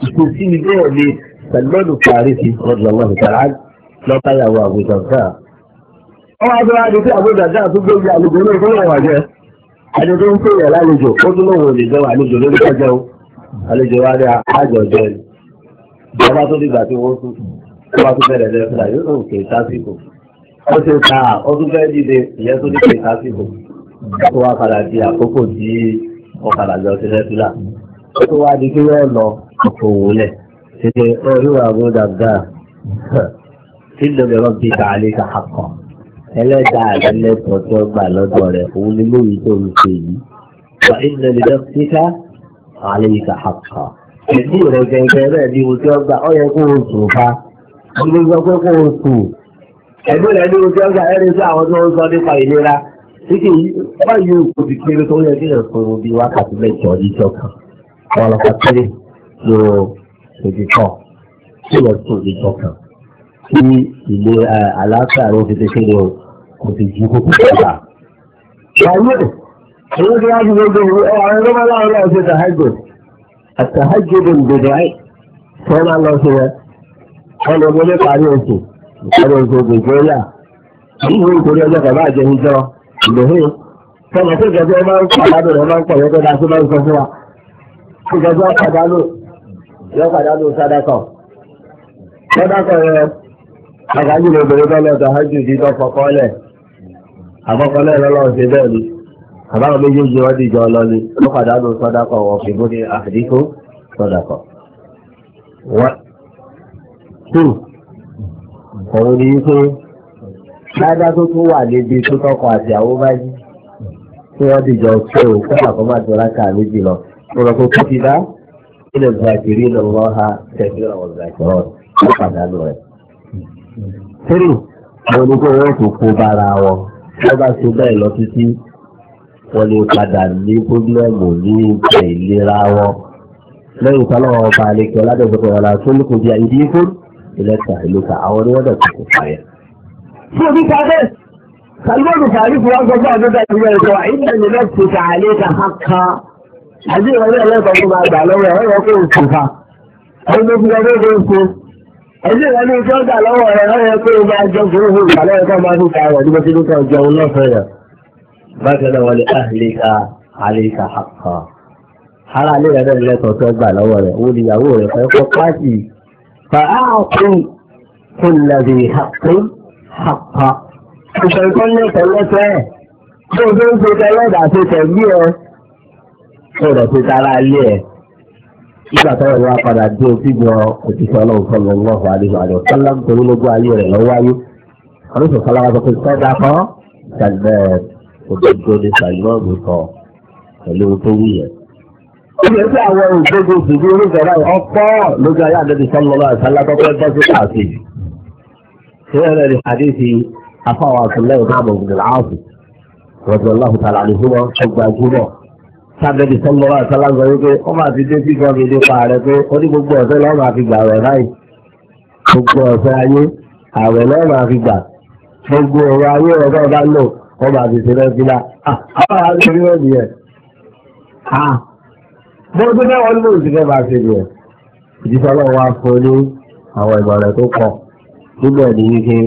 ìtòsí ni bẹ́ẹ̀ ni Salman Farisi radiyallahu ta'ala lọ́ba ìyàwó Abu Darda. wọ́n wá sọ́ra ní pé Abu Darda tó gbé ìyá àlejò náà tó wọ̀ jẹ́ ẹni tó ń pè yàn lálejò ó tún lọ́wọ́ lè jẹun àlejò lórí kọjá o àlejò wa ní àjọ jẹ ni. ìjọba tó dìgbà tí wọ́n tún tó wá tún bẹ̀rẹ̀ lẹ́fẹ̀ẹ́ yóò tó kè é sásìkò ó ti ta ọdún fẹ́ dìde ìyẹn tó ní kè é sásìkò tó wá padà di àkókò tí ọ̀kadà jọ ti rẹ́ sílà ó tó wá di kí wọ́n lọ ọkọ̀wòlẹ̀ ṣe oríwà àbúdàgbà tí lọ́dọ̀rọ̀ bí bàálẹ̀ kàkọ́ ẹlẹ́dàá rẹ lẹ́tọ̀ọ́ tó gbà lọ́dọ̀ rẹ̀ òun ni lóyún tó ń ṣe yìí wà ìnà lè síká àlẹ́ kàkọ́ ẹ̀dí rẹ̀ gẹ́gẹ́ rẹ̀ bí ohun tí ó gbà ọ yẹ kó o sùn fa ọmọ ìgbà pé kó o sùn ẹ̀dí rẹ̀ bí ohun tí ó gbà ẹ̀rí sí àwọn tó ń sọ nípa ìlera títí báyìí kò ti kéré tó yẹ kí ẹ̀sùn omi wákàtí mẹ́jọ níjọ kan ọlọ́pàá tẹ́lẹ̀ lo èdè kan tí wọ́n tún èdè kan kí ilé àlàáfíà ló fi tẹ́tẹ́ lọ kò sì ju kókó kọ̀ọ̀ta. Ṣàlùmọ́ ìwé tí wọ́n ti gbogbo ìwé ọ̀rọ̀ ló máa láwọn náà ṣe tàhájò. Àtàhájò ló ń gbèdè áì. Wọ́n máa lọ sí wọn. Wọ́n lọ gbọ́dọ̀ parí oṣù. Ìpàdé oṣù Gègéyà. Ìwé ìtòrí ọjọ́ bàbá àjẹmíjọ́ ìlòhìn. Sọ̀rọ̀ tó ìjọba máa ń pàdánù rẹ̀ máa ń pọ̀ yọ padà ló sádàkọ̀. sádàkọ̀ yẹ àgbájú ló bèrè bẹ́ẹ̀ lọ́tọ̀ ájú di lọ́fọ̀kọ́lẹ̀ àkọ́kọ́lẹ̀ lọ́lọ́run ṣe bẹ́ẹ̀ ni àbáwọn méjèèjì wọ́n dìjọ lọ ni ló padà ló sádàkọ̀ wọ̀ fi bó ní àdínkù sádàkọ̀. two òun ni pé ládá tó tún wà níbi tó tọkọ àti àwọn tí wọ́n dìjọ pé òun kọ́ àkọ́mọ́ àti ọ̀rá méjì lọ. mo rọ̀ pé kó ti ilẹ̀ zakiri lọ́wọ́ ha tẹ̀síra wọ zakirọ́ ó pàdánù rẹ̀. tírì mo ní kí wọ́n kò kó bára wọn wọ́n bá ṣe bẹ́ẹ̀ lọ títí wọ́n lè padà ní pọ́blẹ́mù ní ìgbà ìlera wọn. lẹ́yìn tọ́lọ́ wọn bá lè kí ọládẹ́sọ̀kọ̀ wọn láti ní kò di àyídí fún ìlẹ́ta ìlúta àwọn ni wọ́n dẹ̀ kò kò fàyà. ṣé o ní ká bẹ́ẹ̀ sàlùmọ́ọ̀nù tààrí fún wọn sọ fún àdúgbò ìgbà ìgbà ìgbà ìgbà ìgbà àbí ìrọ̀lẹ́ ẹlẹ́kọ̀ọ́ tó máa gbà lọ́wọ́ ẹ̀rọ yẹ kó o sùn fa ọdún tó fi lọ lóde oko ẹbí ìrọ̀lẹ́ tó gbà lọ́wọ́ ẹ̀rọ yẹ kó o máa jọ kúrò fún ìgbàlẹ́ ẹ̀kọ́ máa fi ta ẹ̀rọ nígbà tí nípa ìjọun lọ́fẹ̀ẹ́ rẹ̀ bákan náà wọlé àhìlẹ́ka àhìlẹ́ka àkà ara ilé rẹ̀ náà lẹ́kọ̀ọ́ tó gbà lọ́wọ́ rẹ̀ ó níyàwó rẹ̀ fẹ́ kọ́ pàṣì fàáàkùn kùnlẹ̀dì àkùn àkà ìṣẹ̀kọ́ lẹ́kọ̀ọ́ lẹ́kọ̀ọ́ sọ̀rọ̀ tó dára ilé ẹ̀ nígbà táwọn ìwà padà dé òfìjọ òṣìṣẹ́ ọlọ́run fọlọ́ ọlọ́run àdéhùn àdéhùn sọ́lá ń torí lógún ayé rẹ̀ lọ́wọ́ ayé àlùsọ̀ sọ́lá wa sọ pé sọ́dà kan ṣàgbẹ́ òdodo ní sàlùmọ́ọ̀mù kan pẹ̀lú tó wù yẹn. ó lè fi àwọn òṣèlú ìṣèlú oníṣẹ́ báyìí ọ̀pọ̀ lójú ayé àdébí sọ́lọ́lá àṣálá tó fẹ́ bọ́ sí pàṣẹ. ìrẹ́lẹ̀ sábẹ́dì sọ́lọ́wọ́ àtàlágbà wípé ó máa ti dé sígbọ́n mi nípa rẹ̀ pé ó ní gbogbo ọ̀sẹ̀ lọ́wọ́ máa fi gbà rẹ̀ láì gbogbo ọ̀sẹ̀ ayé àwẹ̀ lọ́wọ́ máa fi gbà gbogbo ọ̀rọ̀ ayé ọ̀gá ọ̀gá lò ó máa fi ṣẹlẹ̀ sílá. àwọn ará mi rẹ̀ nìyẹn. bó ti fẹ́ wọn lóòótọ́ fẹ́ máa ṣe nìyẹn. ìdíṣẹ́ ọlọ́run wá fún ní àwọn ìmọ̀ràn tó pọ̀ nígbà ní wípé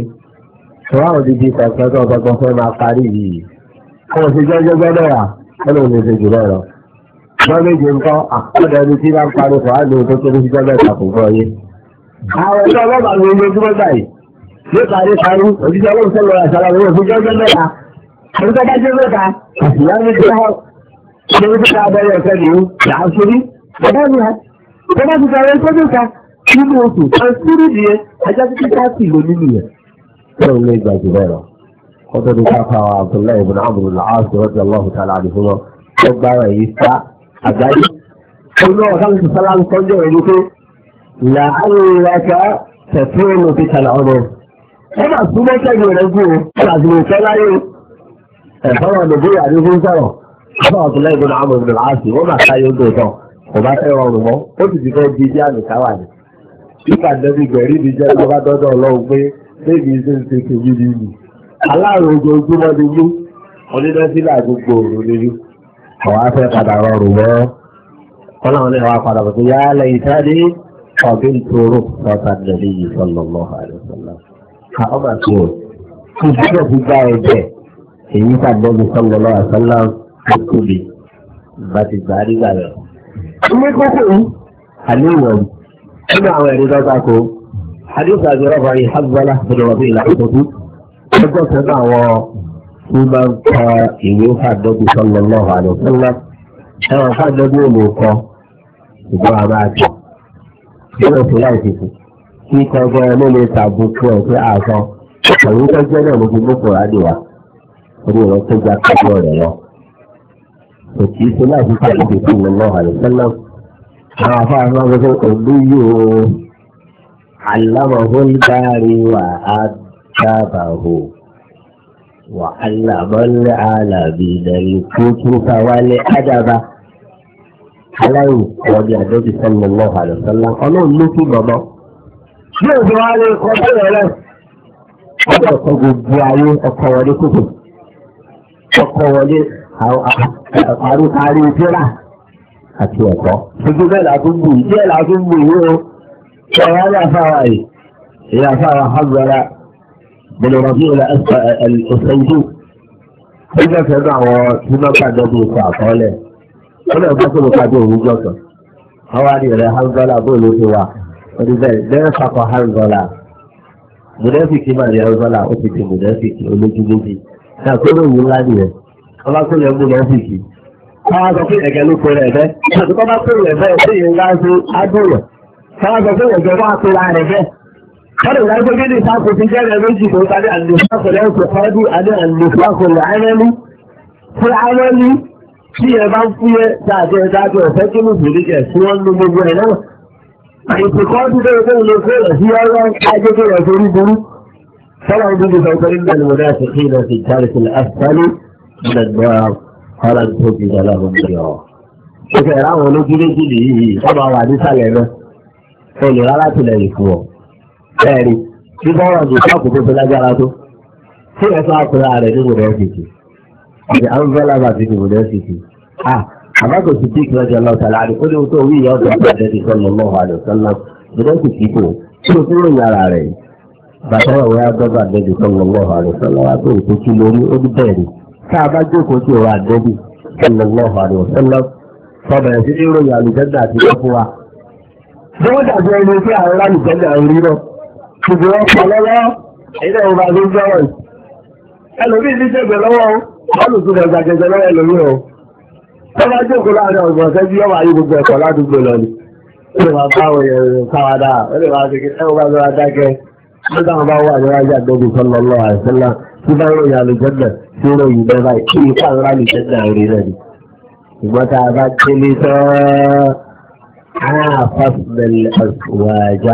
ṣọwọ́ òdìdí kọ̀ọ̀kan tó ọ̀gọ́gọ́ máa parí yìí. kò sí jẹ́jẹ́ gbọ́dọ̀ wà ọlọ́run ní ìṣẹ́jú náà lọ. wọ́n méje ń kọ́ àkọ́dọ̀ ẹni tí bá parí kọ́ àlè tó kéré sí jọ́gbẹ́ ìtàkùn fún ọyé. àwọn ọ̀dọ́ ọlọ́ba ló ń lójúmọ́ báyìí yóò parí parí òjijì ọlọ́run sọ̀rọ̀ àṣàlà rẹ̀ fún jọ́gbẹ́ mẹ́ta. àti bá jẹ́ mẹ́ta àṣìyá ti hàn ṣe ní kíkà abẹ́rẹ́ ọ̀fẹ́ kọ́tọ́ ní káfáwa abdullahi ibn amr al-aas radiyallahu ta'ala anhu ó gbá rẹ̀ yìí sá àgbáyé. ó náà sáwọn ti sálá ń tọ́jú rẹ̀ ní pé làálùwàkà tẹ̀síwò ló fi kàlà ọ̀nà. ó mà súnmọ́ sẹ́yìn rẹ̀ gùn ó làzìmì ìfẹ́ láyé ẹ̀fọ́ wọn lòbí àdúgbò sọ̀rọ̀ ọba abdullahi ibn amr bí àmì káwà ni nípa ìdẹ́bí gbẹ̀rí dọ́dọ̀ ọlọ́run pé bébí ṣe ń ṣe aláàrùn ojoojúmọ́ ni yí onídọ́sílẹ̀ àdúgbò òru ni yí àwọn afẹ́ padà rọrùn mọ́ ọlọ́run ní àwọn padà bọ̀ yá lẹ́yìn sáré ọ̀bí ntòrò sọ́ta nàbí yìí sọ́lọ́lọ́ àdìsọ́lá ká ọmọ àti ò kí gbọ́dọ̀ fi gbá ẹ̀jẹ̀ èyí sàgbọ́n mi sọ́lọ́lọ́ àdìsọ́lá kókó mi bá ti gbà á nígbà rẹ̀. ilé kókó yìí àlẹ́ ìwọ̀n nínú àwọn ẹ̀rí lọ́gbàkó adé ìgbàgbé rọ́bà yìí hábùbọ́lá bẹ̀rẹ̀ rọ̀bì ìlà ìtọ́jú ọjọ́ kan náà wọn tó bá ń ka ìwé fàdọ́bí sallallahu alaihi wasallam ẹ̀wọ̀n fàdọ́bí ò lè kọ́ ṣùgbọ́n a máa bí wọ́n ti láì fìfì kí kankan ló lè tàbùkù ẹ̀ pé àṣọ pẹ̀lú tọ́jọ́ náà ló fi mú kọ̀ọ̀rọ̀ àdìwà orí ẹ̀rọ tó gba kájọ rẹ̀ lọ. kò kì í ṣe láì fi fàdọ́bí sallallahu alaihi wasallam àwọn afáàfáà gbọ́dọ̀ òbí yóò alámọ̀hún dárí wà á d shabahu wa allamal alamina al-kutuba wal adaba aláìwò ọ̀dẹ àdébí sallallahu alaihi wasallam ọlọ́run ló fi mọ̀mọ́. bí òjò wa lè kọ́ bẹ́ẹ̀ rẹ̀ ọ̀dọ̀ ọ̀kọ́ gbogbo ayé ọkọ̀ wọlé kókò ọkọ̀ wọlé àrùkárí ìjọra àti ẹ̀kọ́. gbogbo bẹ́ẹ̀ la tún bù bẹ́ẹ̀ la tún bù yìí o. ṣọ̀rọ̀ ayé afáwa yìí ìyá afáwa hàgbọ́ra bẹ̀rẹ̀ wọn bí wọn ọ̀sẹ̀ ìlú nígbà tó ní àwọn tí wọ́n pàdé bí ikọ̀ àkọọ́lẹ̀ wọ́n lè gbọ́ pé mo pàdé òun jọ̀sán àwọn àdìrẹ̀ hanzọ́là bóyá ló ti wà wọ́n ti bẹ̀rẹ̀ bẹ́ẹ̀ fakọ̀ hanzọ́là mùdẹ́fìkì máa rí hanzọ́là ó ti di mùdẹ́fìkì olójú méjì náà tó lóyún ńlá nìyẹn ọlọ́kùnrin ẹgbẹ́ mùdẹ́fìkì káwá sọ pé ẹ̀gẹ́ ló pe rẹ̀ bẹ́ẹ̀ tó bá pè rẹ̀ bẹ́ẹ̀ kada da ga gani ta ku tin jara miji ko ta da al-nifaq la ku qadu ala al-nifaq al-amali fil amali tí ẹ bá ku ye ta je da do fe ki mu bi ke si won nu gbogbo ẹ náà ai ku ko du de ko le ko la si ara ka je ko la sori buru sala ibi bi saukarin da al fi al-thalith al-asfali min al-nar qala al-hujj lahum al-yawm ṣe fẹ́ ra wọn lójú méjì nìyí ọba wà nísàlẹ̀ náà olùrà láti lẹ̀ ìfún ọ ẹ̀rí bí bọ́ọ̀rọ̀ jù fún àkókò tó lágbára tó tí ẹ fún rẹ̀ ní yunifásitì àti anzala àti yunifásitì à àbákò sí tí ìkìlọ̀ jẹ́ láàrin ó ní tó wí ìyá ọ̀dọ̀ ọ̀dọ̀ ẹni sọ́nà lọ́wọ́ àlọ́ sọ́nà yunifásitì kò àti lọ́fún bí wọ́n dàbí ẹni pé àwọn alùjẹ́gbà ń rí náà ṣùgbọ́n ọ̀pọ̀ lọ́wọ́ ilẹ̀ ọba tó ń jẹ́wọ̀n ẹlòmí ní jẹ́gbẹ̀ lọ́wọ́ olùsùnmọ̀ ìgbàjẹ̀jẹ̀ lọ́wọ́ ẹlòmí o wọ́n bá jókòó láàrin ọ̀gbọ̀n sẹ́jú yọ́ wáyé gbogbo ẹ̀kọ́ ládùúgbò lọ ni ó lè máa báwọn èèyàn káwádà ó lè máa fi kíkẹ́ ọba lọ́ra dákẹ́ ó dáhùn bá wà níwájú àgbẹ̀bí sọlọ́lọ́ àìsílá tí bá yóò yà lùjẹ́gbẹ̀ tí ó yìí bẹ́ẹ̀ báyìí kí ipá ńlá lùjẹ́gbẹ̀ rí rẹ̀ ni. ìgbọ́n tá a bá délé tán á fásitì lẹ́lẹ́ àṣùwájá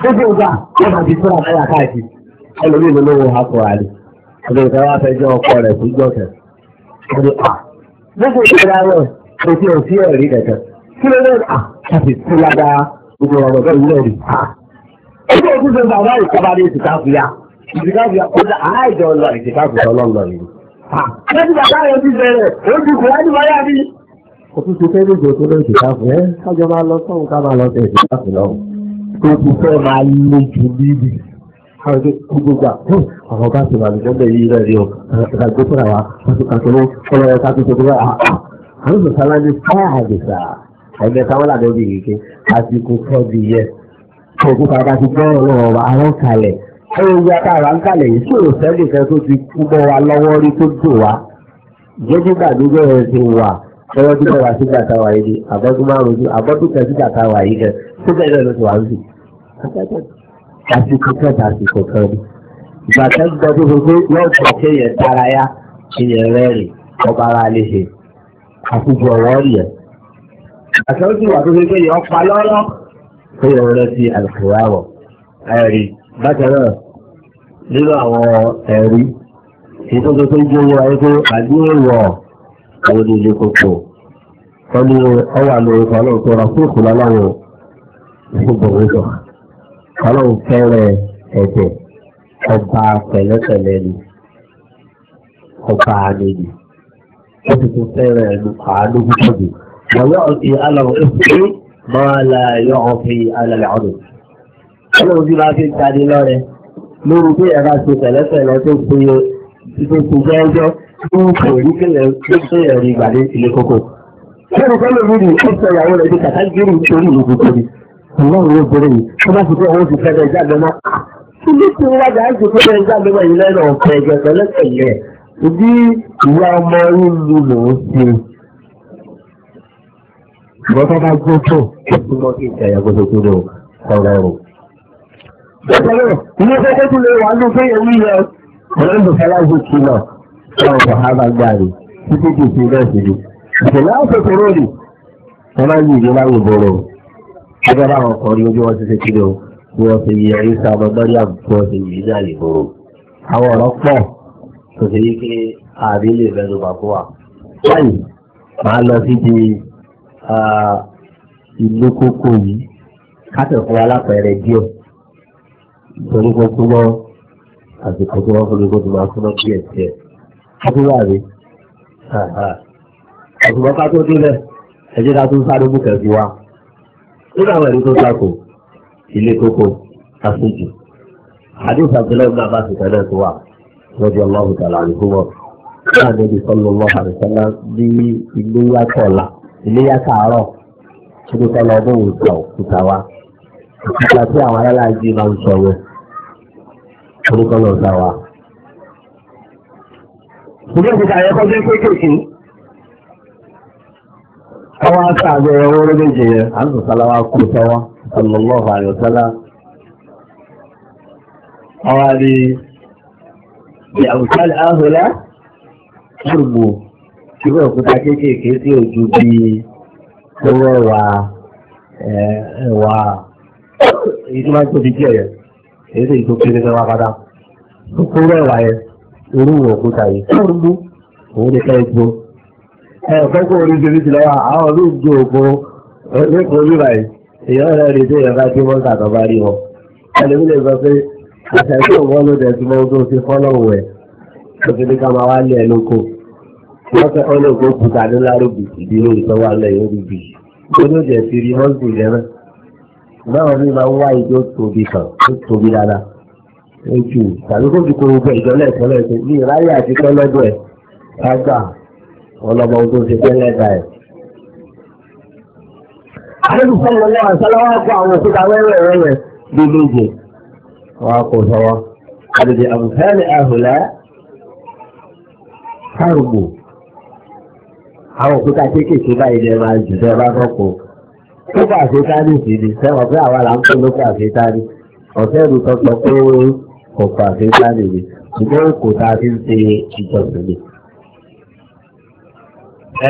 gbogbo ìgbà ó máa di fúnra náírà káàkiri ẹlòmíì ló lówó akọ̀rọ̀ àlè ọdún ìta wá fẹjọ́ ọkọ rẹ̀ sí jọ́kẹ̀. gbogbo ìṣẹ̀lẹ̀ rẹ̀ kò tí ò sí ẹ̀rí kẹ̀kẹ́ kí ló lẹ́nu à àti tí lága gbogbo ọ̀rọ̀ bẹ́ẹ̀ lẹ́rì. ẹgbẹ́ òkú ṣe bàbá ìjọba ní ìtìkáfíà ìtìkáfíà ó dá àìjọ lọ ìtìkáfíà ọlọ́ọ̀lọ́ yìí. lẹ́nu bàbá rẹ̀ ti bẹ̀rẹ̀ ó ti kù láti wáyà bí. òtún ti fẹ́ lóògùn tó lọ ìtìkáfíà ẹ́ kájọ máa lọ sọ́hun ká máa lọ sí ìtìkáfíà lọ́hùn. tó ti fẹ́ jù níbi gbogbo àwọn bá ti rẹ̀ o ìgbàgbé fúnra wa wọ́n ti tó ah, ah, ah. ní káàdìsà ẹgbẹ́ táwọn bí kéke àsìkò kọ́ọ̀dì yẹ òkú bàbá ti gbọ́ wa àwọn kalẹ̀ ìyá tá a wà ń kalẹ̀ yìí kan tó ti kú wa lọ́wọ́ rí tó bẹ̀rẹ̀ ló wà lóṣù àsìkò kan àsìkò kan ni ìgbà tó ń gbọ́ tó fi pé yóò gbọ́ kéèyàn dárayá kéèyàn rẹ́rìn ọba ara lè ṣe àkùkù ọ̀rọ̀ rẹ̀ àṣà ó wà tó fi pé yóò pa lọ́rọ́ kéèyàn rẹ́ sí àlùkùrọ̀ ẹ̀rí bákan náà nínú àwọn ẹ̀rí tí tó tó tó ń gbówó ayé pé àdúrà àwọn olùdókòkò wọn ni ọwà lórí kan náà tó fún ìkùnà láwọn gbogbo òwúrọ̀ ọlọ́run fẹ́rẹ̀ ẹ̀jẹ̀ ọba pẹ̀lẹ́pẹ̀lẹ́ ni ọba àlejò ó sì tún fẹ́rẹ̀ ẹ̀nu àánú púpọ̀ jù wọ́yọ́ ọ̀sẹ̀ alọ́run ẹ̀fẹ́ máa la yọ ọ̀fẹ́ alẹ́lẹ́ ọ̀dọ̀ ọlọ́run bí wàá fi jáde lọ́rẹ lórí bí ẹ̀ka ṣe pẹ̀lẹ́pẹ̀lẹ́ tó ṣe tó ṣe jẹ́jọ́ tó ń kò rí kéèyàn tó ṣèyàn rí ilé kókó. Kí ni kọ́lọ́ mi rí ọ̀sẹ̀ ìyàwó rẹ̀ di kàtàkì ọlọ́run ló borí yìí tó bá ti pé owó jáde mọ́. ilé tí wọ́n wájà ń ti fẹ́ẹ́ jáde mọ́ yìí lẹ́nu ọ̀pẹ ìjọba ẹlẹ́tẹ̀lẹ́ ibi ìyá ọmọ yín lu lòún ṣe. ṣùgbọ́n tó bá gbé tó kò sí kí ìṣẹ̀yà gbogbo tó lò ọ̀rọ̀ rò. bẹ́ẹ̀ ilé kẹ́kẹ́ tó lè wà ní fẹ́yẹ̀ wíyẹ ọlọ́run fẹ́láṣí kì náà ọ̀rọ̀ gẹ́gẹ́ bá wọn kọrin ojú wọn ti ṣe kílò bí wọ́n ṣe yẹ ẹ̀ríṣà ọmọ mọ́ríàm bí wọ́n ṣe yìí jáde ìgboro àwọn ọ̀rọ̀ pọ̀ kò sí wípé ààrẹ lè fẹ́nu bàbá wa báyìí máa lọ sí di ìlú kókó yìí kátẹ̀ alápẹ̀rẹ̀ díẹ̀ nítorí kó súnmọ́ àsìkò tí wọ́n fúnni kó tó máa díẹ̀ díẹ̀ kábíwá rè ọ̀sùnmọ́ tó délẹ̀ ẹ̀jẹ̀ ká tó sáré mú kẹ̀sí nínú àwọn ẹ̀rí tó sáko ilé kókó àṣejù àdéhùn abdullahi ibn abbas kanáà tó wà lọ́jọ́ ọlọ́run tààlà àdìgúnmọ́ náà níbi sọ́nù ọlọ́run àdìsọ́lá ní iléyàtọ̀ ọ̀la iléyàtọ̀ ya tó sọ́nù ọdún òòtù òkúta wa ìkúta tí àwọn aláàjì máa ń sọ wọn wa. Àwọn akáàbẹ̀ ẹwọ́ orí méje yẹn, a ń sọ sáláwá kú sọ́wọ́, sallallahu alaihi wasallam. Àwọn àrí bí àwùsálẹ̀ áhùlá, ṣùgbò, ṣùgbọ́ òkúta kéékèèké tí ò ju bí owó ẹwà ẹwà èyí tó máa ń tóbi díẹ̀ yẹn, èyí tó kéré fẹ́ padà. Ó kúrò yẹn, orú òkúta yìí, ṣùgbò, òun ni fẹ́ gbó ẹ̀ẹ̀kọ́kọ́ oríṣiríṣi lọ́wọ́ àwọn olóògbé òkun lẹ́kọ̀ọ́ rírà èèyàn rẹ̀ rí tó yẹn bá tí wọ́n kàtọ́ bá rí wọn. ẹlẹ́mí lè sọ pé àṣà tí òun wọ́n ló dẹ̀ tí wọ́n tó ti fọ́lọ́wọ̀ ẹ̀ tó fi ní ká máa wá lé ẹ lóko. wọ́n fẹ́ ọ́ lóko kúta ní lárúbì ìdí lórí tó wà lẹ́yìn orí bì. ó ló jẹ́ ti rí họ́ǹsì lẹ́rẹ̀. báwọn mi máa ń wá ìjọ tóbi kan tó tóbi dáadáa wọn lọ́mọ ohun tó ṣe pé lẹ́gbàá ẹ̀. àdébù sọ́mọ náà sáláwá kó àwọn òkúta wẹ́wẹ́ wẹ́wẹ́ bíi méje wọn kò sọ́wọ́ àdèdè àbùfẹ́lẹ̀ àhùlẹ́ kárùgbò àwọn òkúta kéékèèké báyìí lè máa jù bẹ́ẹ̀ bá kọ́kọ́ kópa àṣetánì sì ni sẹ́wọ̀n pé àwa là ń pè lópa àṣetánì ọ̀sẹ̀ ìlú tọ́pọ̀ pé kópa àṣetánì ni ṣùgbọ́n kò tá fi ń ṣe ìjọsìn ni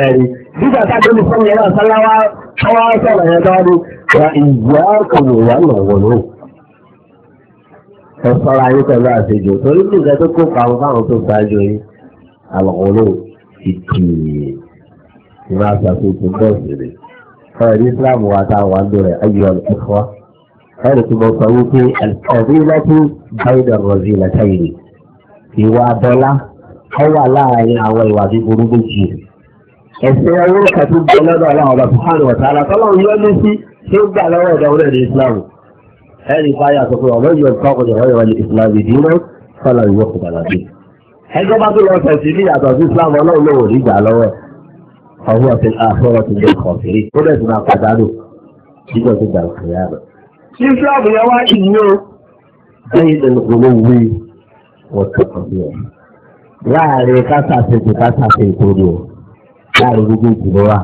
ẹ̀rí nígbà táàbí ní sọ́mi ẹ̀rọ sáláwá tọ́wọ́ sọ̀rọ̀ yẹn tọ́wọ́ ní ra ìyá kan ìyá náà wọ̀ ló. ẹ sọ́ra yín pẹ̀lú àṣejù torí ní ìgbà tó kó pàrọ̀ fáwọn Islam wa tá a wà ń bẹ̀rẹ̀ ayọ̀ ẹ̀fọ́ ẹ̀rọ tí mo sọ wípé ọ̀rí lọ́tún báyìí rọ̀zí làtàyè ìwà abọ́lá ọ wà láàárín àwọn ìwà bíburú méjì ẹ̀sẹ̀ awórúkà tó gbọ́ lọ́dọ̀ aláwọ̀ ọba sùhánù ọ̀tá alátọ́lọ́run yọ ní sí tí ó gbà lọ́wọ́ ọ̀dọ̀ orílẹ̀ èdè islam ẹni fáyà sọ pé ọ̀rọ̀ yóò kọ́ ọkùnrin ọ̀rọ̀ ìwọlé islam ìdíná fọlá ìwọ kò bàlá dé. ẹjọ́ bá tó lọ sọ sí ní yàtọ̀ sí islam ọlọ́run lọ́wọ́ ọ̀hún ọ̀sẹ̀ àfọwọ́ tó gbà láàrin gbogbo ìgbìmọ̀ wa.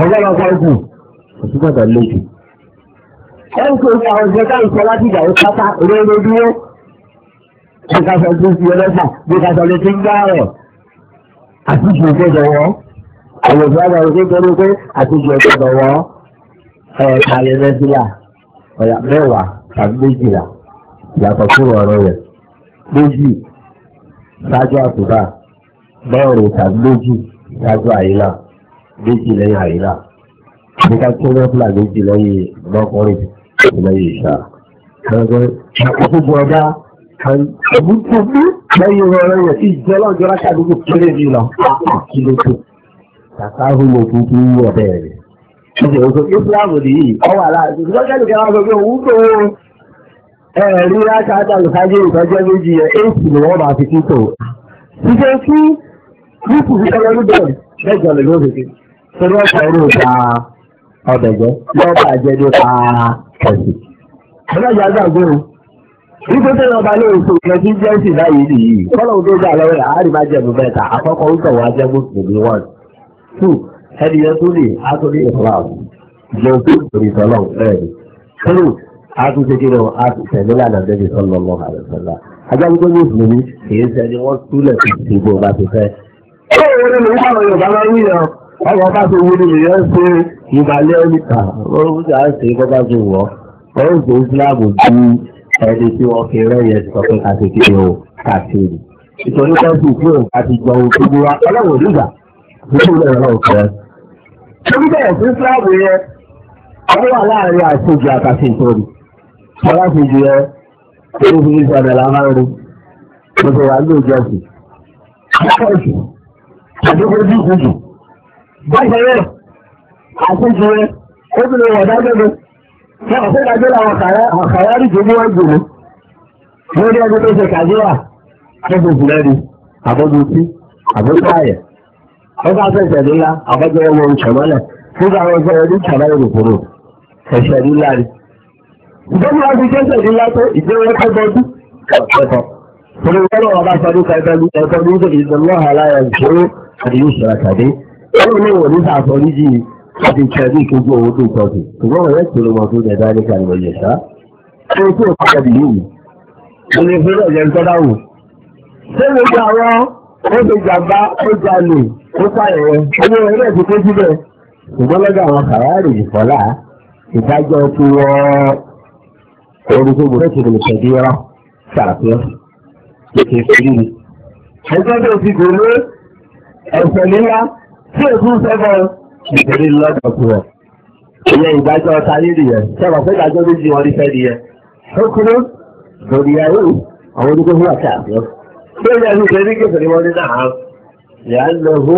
ọjọ́ bá fọ́ gùn òtún gbọ́dọ̀ lójú. ẹnì kò fún àwọn ìjọba ìṣọ́ láti ìgbà yóò pátá olóore dúró. bí ká sọ tó fi ọlọ́fà bí ká sọ lè ti ń gbá rẹ̀. àti ìṣòro gbọ́dọ̀ wọ́. àwọn ìjọba ìṣọ́ gbọ́dọ̀ pé àti ìṣòro gbọ́dọ̀ wọ́. ẹ̀ẹ̀kàlẹ̀ mẹ́fìlà ọ̀yà mẹ́wàá tàbí méjìlá yàtọ̀ kúrò ọ̀rọ̀ ṣáájú àyílà méjì lẹ́yìn àyílà nípa tí wọ́n fúlà méjì lẹ́yìn lọ́kùnrin lẹ́yìn ìṣà. Gbogbo ọ̀dá àbúkúbú lẹ́yìn ọ̀rọ̀ yẹn tí ìjọ lọ́jọ́ láti àdúgbò kéré mi lọ kí ló tó. Kàkà hùwà òkúkú ọ̀bẹ rẹ̀. Ṣé o sọ pé Fúlàmù nìyí? Ọwọ́ àlá ìṣòṣọ́jọ́ nìkan wá sọ pé òun tó ẹ̀rí láti àdàlùkájé ìtọ́jọ́ méjì yẹn éèsì ni wọ́n bá fi kí tó. Ṣíṣe kí Bíkù fi kọ́ lọ́dún bẹ̀rẹ̀ lẹ́jọ́ lè lóde kí. Torí ọ̀pọ̀ irú ìta ọbẹ̀ jẹ́ lọ́ba àjẹ́ ló pa ẹ̀sìn. Ọlọ́jà gbàgbé o. Ibi tó lọ bá lé oṣù kẹjú jẹ́sì báyìí nìyí. Kọ́lọ̀ tó gbà lọ́wọ́ rẹ̀ àárín máa jẹ̀bù mẹ́ta. Àkọ́kọ́ ń sọ̀wọ́ ajẹ́ mùsùlùmí wọn. Two ẹni yẹn tó lè átúndé ìfúláàmù. Jẹun tó ìtòrí sọ́lọ̀ bẹ́ẹ̀ ni. Three átúndé kíni o àtúntẹ̀lé lànà débi sọ́lọ́ lọ́hàlẹ̀ sọ́lá. Ajá gbogbo ní ìfúnni kì í Ọ̀rọ̀ ni mo ń bá wọn yọ̀ ọmọ bá ti wúni lè yọ́n ṣe ìbàlẹ̀ ẹnìkà orúkúta ṣe kọ́bá ti wọ̀ ọ́n ṣe ìsìláàmù bí ẹni tí wọ́n fi rẹ́yẹ sọ pé kàṣe kí o kàṣe rè ìtọ́jú kọ́sì tí òun àti gbọ́ ohun tó gbúra ọlọ́wọ̀n nígbà nínú ilé ẹ̀rọ ọ̀fẹ́. Ṣébí bẹ̀rẹ̀ sí àdúgbò bí ìjù. Bákan náà, àkójọ rẹ̀, ó ti lè wọ̀ dájọ́dọ̀. Wọ́n kò fẹ́ dájọ́ àwọn àkàrà àríjò bí wọ́n gbèrò. Lórí ẹgbẹ́ tó ṣe kàdíwà, ẹgbẹ́ ìjìnlẹ̀ ni, àbọ̀dù tí, àbọ̀dù àyẹ̀. Ó bá fẹ́ ìṣẹ̀lú ńlá, àbọ̀dù ẹwọ ìṣẹ̀mọ́lẹ̀. Nígbà àwọn ọjọ́ ẹni ìṣẹ̀mọ́lẹ̀ nìkòrò, ẹ̀ṣẹ̀lú ńlá ni. Ìjọba wa fi kẹ́sẹ̀ ní látó ìjọba kọ́gbọ́dú kẹ̀kọ́. Torí wọ́n lọ́wọ́ bá sọ nípa ẹgbẹ́ ní ìṣẹ̀lú àti yóò ṣọ́ra tàdé ẹ̀rọ náà wọ̀ ní sàtọ́ níjì láti kẹ́rì ìkójú owó tó tọ́jú ṣùgbọ́n wọ́n yẹn tèrò wọn tó dẹ̀ dá nípa ìwọ̀n yẹn sá. ẹni tí ò padà bì yìí mo ní fún ẹ̀jẹ̀ ń tọ́lá wò. ṣé mo gba àwọn ó ti jàmbá ó jalè ó pààyàn ọmọ rẹ̀ náà ti kó síbẹ̀. ṣùgbọ́n lọ́dọ̀ àwọn kàwárì ìfọ́lá ìdájọ́ ti wọ́ orí tó gbọ́dọ̀ ti ti gbòòrò ẹ̀sẹ̀ nílá tí èkú sẹ́fọ́ ìṣẹ̀lẹ̀ lọ́dọ̀ ìyẹn ìdájọ́ ọ̀tá nírì yẹn sẹ́wọ̀n pé ìdájọ́ méjì wọn nífẹ̀ẹ́ nìyẹn. ó kúrò lórí ẹrú àwọn onígbó fún àti àbúrò. ṣé ìyá mi ṣe ní kẹfẹ́ ni wọ́n ní náà yà á lọ hó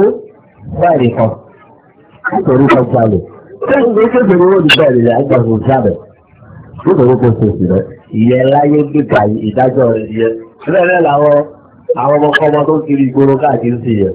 báyìí kan nítorí kan jalè. ṣé ìgbé kẹfẹ́ ni wọ́n ní bẹ́ẹ̀ ni àgbà fún jalè. nítorí kò ṣe sí rẹ̀ ìyẹn láyé gbégbà ìdájọ́ tó kiri ìgboro káàkiri sí yẹn.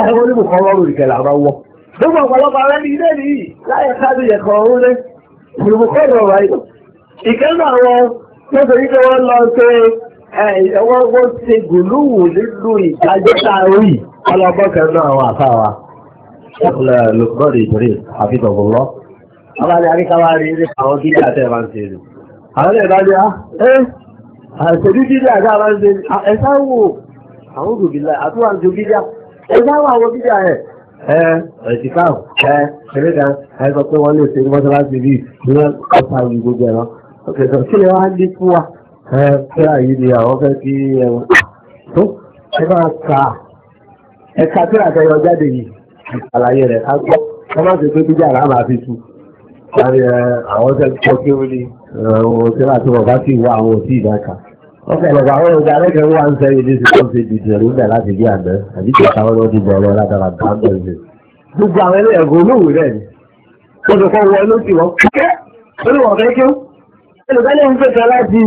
ẹ̀wọ́n ní bùkọ́ rọrùn ìkẹlẹ̀ àwọn wọ́. Gbogbo ọ̀pọ̀lọpọ̀ ara ní ilé ní láyé káàdì ẹ̀kọ́ ọ̀rún lé, olùbùkọ́ rọrọ̀ ayé. Ìkẹ́lẹ̀ àwọn tó ṣe wípé wọ́n lọ ṣe ẹ̀wọ́n wọ́n ṣe gùlúwù nínú ìdájọ́ táàrí ọlọ́gbọ́kẹ́ náà àwọn àfáwa. Ṣọ́kùnlẹ̀ lùkọ́rì ìbírí àfihàn Àwọn àríkàwà rí ní àwọn bídí àtẹ́wà ń ṣe Ẹ̀sáwò, àwọn ògùn àtúwà ń ṣe ẹgbẹ́ àwọn àwọn bíbí ààrẹ ẹ ẹ̀sìká ẹ ẹ̀rẹ́dà ẹ sọ pé wọ́n lè ṣe mọ́ṣáláṣí bíi ní ọ̀pá yìí gbogbo ẹ̀rọ ọkẹ̀ sọ kí lè wá ní fún wa ẹ pé àyè àwọn fẹ́ kí ẹ̀wọ̀n tó ẹ máa kà ẹ ká ọ̀pọ̀lọpọ̀ àwọn ọ̀gá alẹ́kẹ̀ẹ́ wà ń sẹ́yìn ní sísọ́ ṣe dìde nígbà láti bí àná àbí kẹta wọn ló ti bọ̀rọ̀ ládàrà dáńdọ̀ ìlú. Gbogbo àwọn ẹlẹ́ẹ̀gọ́ olówó rẹ̀ ni. Wọ́n ti kọ́ wọ lóṣù wọn kíkẹ́ olúwọ̀ kẹ́kẹ́ ẹlùkálẹ̀ ń fẹ́ta láti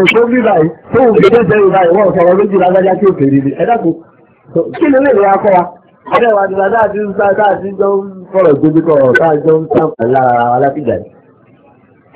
òṣò bí báyìí tó ń gbé tẹ́sẹ̀ ìbá ìwọ̀n sọ̀rọ̀ méjì lágbájá tí ó fèrè ní ẹ̀dàkù kí ni lè wá kọ́ wa ọdẹ wa ti ra dáàtí ń sá dáàtí jọ ń fọ̀rọ̀ gbogbo kọ̀ọ̀ táàjọ ń sàǹfà lára alápìjà yìí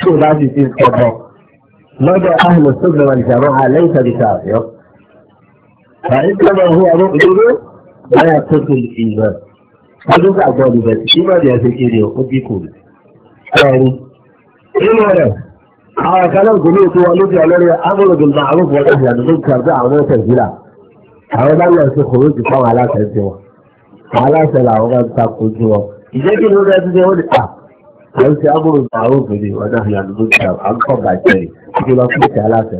tí o bá sì ti sọ̀bọ̀ lọ́dọ̀ ahùn sọ́gbọ̀n àjàmọ́ alẹ́ ìtàgìtà àbíọ́. Bàbá ìjọba òun àwọn òdodo báyà tó tó ìgbà. Ọdún gbàgbọ́ ìbẹ̀ tí ìbàdí ẹ̀sẹ̀ kiri ó bí kù. Ẹ̀rí. Inú rẹ̀, àwọn àkàlà ògbóni ètò wọn lójú ọlọ́rẹ́ amúlòdùn máa rúbọ ọ̀dọ̀ ìyàdó kàbí àwọn ẹ̀sẹ̀ ìjìlá. Àwọn bá lọ sí kòró jù fáwọn aláṣẹ ti wọn. Àwọn aláṣẹ làwọn ń ta kojú à ń ṣe ámúrùn àwọn obìnrin ọ̀nà ìyànà ló ti à ń kọ̀ bàjẹ́ kí lọ sí ìṣẹ́ aláṣẹ.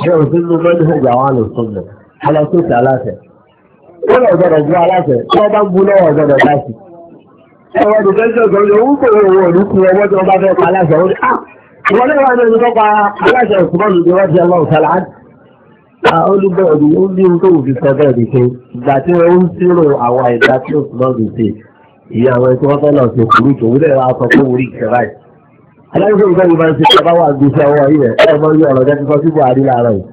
ṣé o ti nínú mẹ́rin ìgbà wọn lò fún mi a lọ sí ìṣẹ́ aláṣẹ. ó lọ gbọdọ̀ gbọ́ aláṣẹ tí wọ́n bá ń bú lọ́wọ́ gbọdọ̀ láti. ẹ̀wọ̀n ìdẹ́jọ́ ìgbọ̀n yóò ń kòwò owó òní kú ọwọ́ tí wọ́n bá fẹ́ pa aláṣẹ ó ní à ìwọ́n lè pa aláṣẹ ìsúmọ́lù ni wọ́n ti ẹ lọ́wọ́ sálá olùbẹ̀rù ó ní ohun tó wù fi sọ bẹ́ẹ̀ ni pé ìgbà tí wọ́n ń sírò àwọn àìdá tí òsùnmọ́lù ṣe ìyá àwọn ẹni tí wọ́n fẹ́ lọ sí tòun lè ra aṣọ fún orí ìṣẹ̀rá ẹ̀. aláìsàn ìgbà yìí máa ń ṣe tí wà gbèsè àwọn yìí rẹ̀ ẹ mọ ní ọ̀rọ̀ jẹ́ fífọ́ sí buhari láàárọ̀ yìí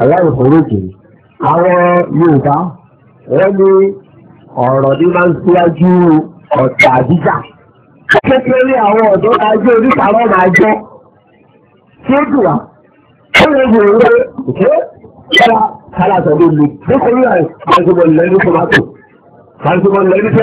aláìsàn òkúrú tòun. àwọn yorùbá wọ́n ní ọ̀rọ̀ ní máa ń síwájú ọ̀tà àdíjà. kékeré àwọn ọ̀dọ́ ta jẹ́ oníkàrọ̀ máa jẹ́ tí ó dùn wá. ó lè wò ó rẹ̀ ṣẹ́ra kálá àtọ̀dé mi nítorí àìsàn ìgbọ̀n lẹ́nu tomato àìsàn ìgbọ̀n lẹ́nu tí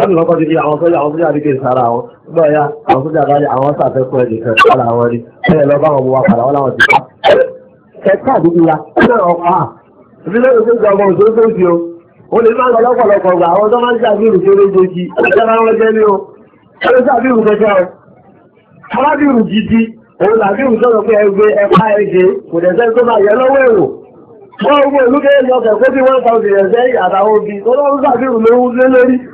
ọdún lọ́kọ́ ti di àwọn sọ́jà àwọn sọ́jà àdíkè sára àwọn gbọ́ ya àwọn sọ́jà bá ní àwọn sàfẹ́kọ̀ọ́ ẹ̀dẹ̀ kan sára àwọn rí ẹ̀rẹ̀ lọ bá wọn bu wa padà wọn láwọn ti pa. ẹ̀ka àdúgbò wa ṣé ọkọ̀ à ìbí lóyún tó gba ọmọ òṣèré tó fi o ó lè má lọ lọ́pọ̀lọpọ̀ gbà àwọn tó máa ń ṣàbíru tó lé jẹjì ẹ̀ka máa ń wọ́n jẹ́ ní o ó lè ṣàbíru kẹkẹ o alábìrù gidi òun làbíru sọ̀rọ̀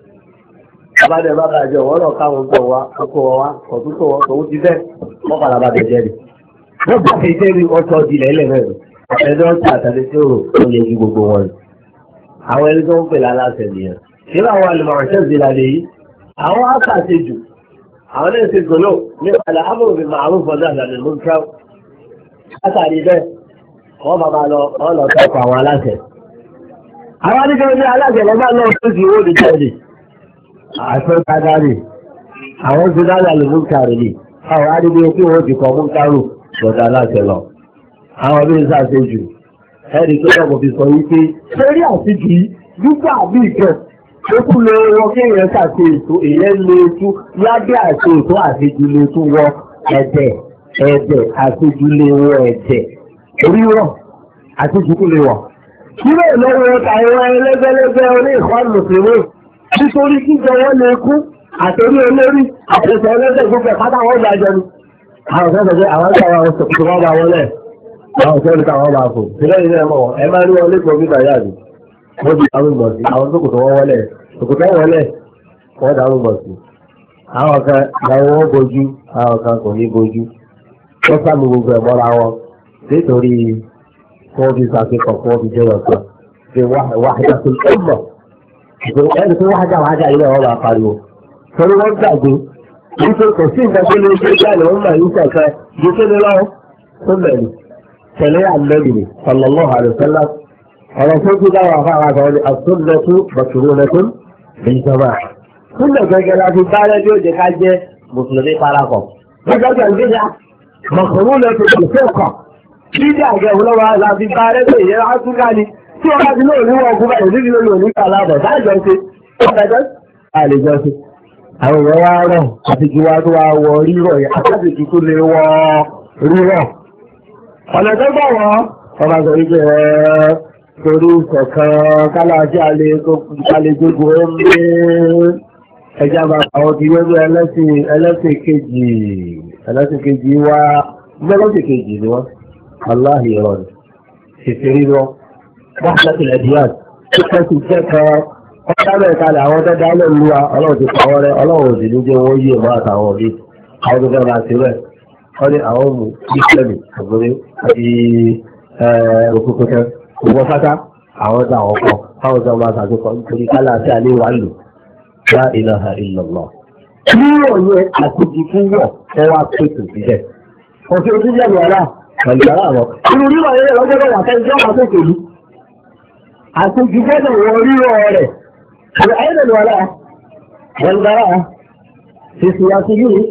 abájọ bá bàjẹ́ ọ̀wọ́ náà káwọn gbọ̀ wá ọkọ̀ wá ọ̀túnkọ̀ wá tòun ti bẹ́ẹ̀ wọ́n padà bá bẹ̀jẹ̀ rẹ̀. bá fi jẹ́ rí ọtọ́ ìdílẹ̀ ilẹ̀ mẹ́rin ẹ̀dọ́ tí òrò tó yẹ ju gbogbo wọn. àwọn ẹni tó ń pè lálàsẹ̀ nìyẹn. nínú àwọn àlùmọ̀ràn tẹ̀ sí yìí àwọn àṣàṣe jù àwọn náà ṣe gbọ́nà nípa àlàáfòfin màrún fọdún àlàlẹ̀ ló ń tẹ́ látàrí bẹ́ẹ̀ wọ́n bàbá lọ wọ́n lọ àwọn aláṣẹ. àwọn adigun aláṣẹ lọ́gbà náà tó ti owó ìjọ́ni àṣọ kádárì àwọn ti dára lè mú kárì ni àwọn arígbé kí wọ́n ti kọ́ mú kárù lọ́dà láti lọ àwọn bí sáṣe jù ẹni tó kọ́ fi sọ wípé lórí àtijì nígbà bí ìkẹ́ ó kú lè wọ kí èèyàn ṣàṣe ètò èèyàn lè tú lábẹ́ àṣe ètò àṣejù lè tún wọ ẹ̀dẹ̀ ẹ̀dẹ̀ àṣejù lè wọ ẹ̀dẹ̀ oríwọ̀ àṣejù kú lè wọ̀. Kí ló lọ́wọ́ ta ìwọ̀n ẹlẹ́gbẹ́lẹ́gbẹ́ orí ìkọ́ nítorí jíjẹ wọn lè kú àtẹ̀rí olórí àtẹ̀sẹ̀ ẹlẹ́sẹ̀ gbogbo ẹ̀pátá wọn gbà jẹ ni. àwọn ọ̀sẹ̀ sọ pé àwọn ń sọ̀rọ̀ àwọn sọ̀kùtù wọn bá wọn lẹ̀ àwọn ọ̀sẹ̀ ní káwọn bá fò sílẹ̀ ilé ẹ̀mọ́ ẹ máa rí wọn lẹ́kọ̀ọ́ bí bàyà ni wọ́n di àwọn ìmọ̀ sí àwọn sọ̀kùtù wọn wọlé sọ̀kùtù wọn wọlé wọ́n dàrú mọ̀ sí. àwọn kan làwọn wọn bojú àwọn kan kò ní bojú wọ́n ẹni tó wájà wájà ilé ọ̀rọ̀ àpariwo torí wọ́n gbàgbé wípé kò sí nǹkan tó lè ṣe jáde wọ́n mọ̀ yíṣẹ́ kan ju kí ni lọ́wọ́ tó bẹ̀rẹ̀ tẹ̀lé àmẹ́bìrì sallallahu alaihi wasallam ọ̀rọ̀ tó ti dáwọ̀ àfáwà kan ní àtúndẹ̀tú bàtúrúnẹ̀tún ìjọba túnbẹ̀ gẹ́gẹ́ láti bára bí ó jẹ ká jẹ́ mùsùlùmí parapọ̀ gbẹ́gbẹ́ gbẹ́gbẹ́ mọ̀kùnrún lẹ́tọ̀ọ́ tí wọ́n bá ti lóò ní wọn gúnbà ìdí ìlú yóò ní kàlá àbọ̀ sáàjọ ṣe ọ̀gájọ́ àlejò ṣe. àwọn èèyàn wá rọ̀ àtìkí wa tó wá wọ rírọ̀ yẹn àtàkì tó lè wọ rírọ̀. ọ̀nà tó gbà wọ́n ọba sọ wípé ẹ torí kọ̀ọ̀kan kálá sí àlejò omi ẹja bá àwọn ti wẹ́gbẹ́ ẹlẹ́sìn ẹlẹ́sìn kejì ẹlẹ́sìn kejì wá ẹlẹ́sìn kejì ni wọ́n aláhìírọ̀ ìṣèṣirí lọ dáhùn ẹ̀díyàn tó ti kẹ́kọ̀ọ́ ọ̀dọ́rẹ̀ kalẹ̀ àwọn tó dálẹ̀ ń lúwa ọlọ́run ti pàwọ́ rẹ ọlọ́run sì ní jẹ́ wọ́n yí ìmọ̀ àtàwọn mi àwọn tó fẹ́ máa rẹ̀ wọ́n ní àwọn mú kíkẹ́lì ọ̀gbọ́n àti òkúkúkẹ́ òwò pátá àwọn tó àwọn káwọn tó máa ṣàkókò nítorí kálá sí alẹ́ wa lò lá ilaha illallah. kílò yẹn àkójì fún ẹ àtòjì gbọ́dọ̀ wọ rírọ̀ rẹ̀ ṣe àìlẹ̀ wàlá ẹ̀lùbárà ṣèṣì àti yìí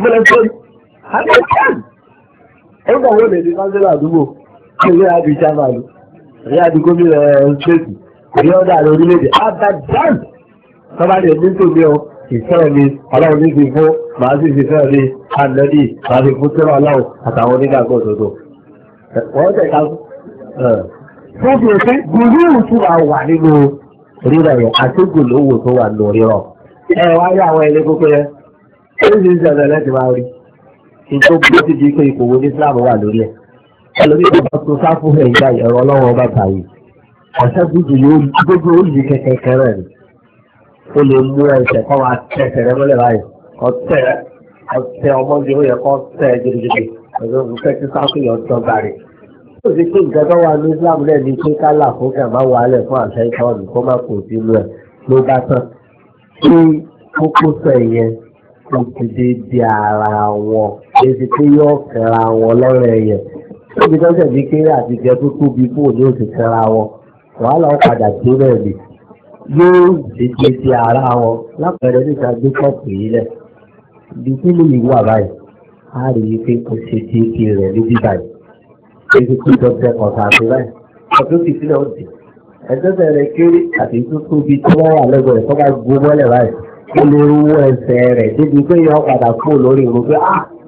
mọ́lẹ̀ tó àgbẹ̀kán ẹgbẹ̀ wọ́n lè ní kánsílà àdúgbò ilé àbí jamani ilé àbí gómìnà ṣèṣì eh, ilé ọ̀dà àrẹ orílẹ̀-èdè abadan tọ́ba lè ní tòmí ọ ìfẹ́ mi ọlọ́run ní ti fún màá sì fi fẹ́ mi ànẹ́bí màá fi fún tẹ́lọ̀ ọlọ́run àtàwọn onígbàgbọ́ òdodo wọ́n tẹ̀ ká eh wọ́n ẹ̀fẹ́ gòlóòwò tó wà wà nínú rírọ̀ yẹn àti gòlóòwò tó wà nínú rírọ̀. ẹ wá rí àwọn ẹni kókó yẹn oríṣi ń sọ̀rọ̀ lẹ́sìn máa rí kí n tó bó ti di pé ipò wo ní Islam wà lórí ẹ̀. ẹlòmí kò bá tún sáfù ẹ̀ ìgbà ẹ̀rọ ọlọ́wọ́ ọba báyìí ọ̀sẹ̀ gbogbo yóò gbogbo ó yí kẹ̀kẹ́ kẹrẹ̀ ó lè mú ẹsẹ̀ kọ́ máa tẹ̀sẹ̀ mọ́lẹ̀ báyìí ọ̀tẹ̀ ọmọdé ó yẹ kọ́ tẹ̀ gidigidi ọ̀sẹ̀ òkú kẹ́kẹ́ sáfù yọ̀ ọ́ ó pé nǹkan tó wà ní Islam náà ni pé kálà fún kàmá wàhálẹ̀ fún àṣẹ ìtọ́nù kó má kò sínú ẹ̀ ló bá tán kí kókósọ yẹn kò ti dé di ara wọn èsì pé yóò kẹra wọn lọ́rọ̀ ẹ̀yẹ níbi tó ń tẹ̀lé kéré àti tó tóbi kú òní òsì kẹra wọn wàhálà ó padà dé bẹ́ẹ̀ ni yóò ti di ara wọn lápẹẹrẹ níta gbé kọ́ọ̀pù yìí lẹ̀ ibi tí mi wà báyìí a rí i pé kò ṣe déédéé rẹ̀ níbí báyìí ebi tó dọ̀tẹ̀ kọ̀ọ̀tà ọdún ti sílẹ̀ òdì ẹ̀jẹ̀ bẹ̀rẹ̀ kéré àti tó tóbi tó wọ́n wà lẹ́gbẹ̀ẹ́ tó bá gbó mọ́lẹ̀ báyìí ó lè ẹsẹ̀ rẹ̀ débi pé yọ padà kúrò lórí ìrù ah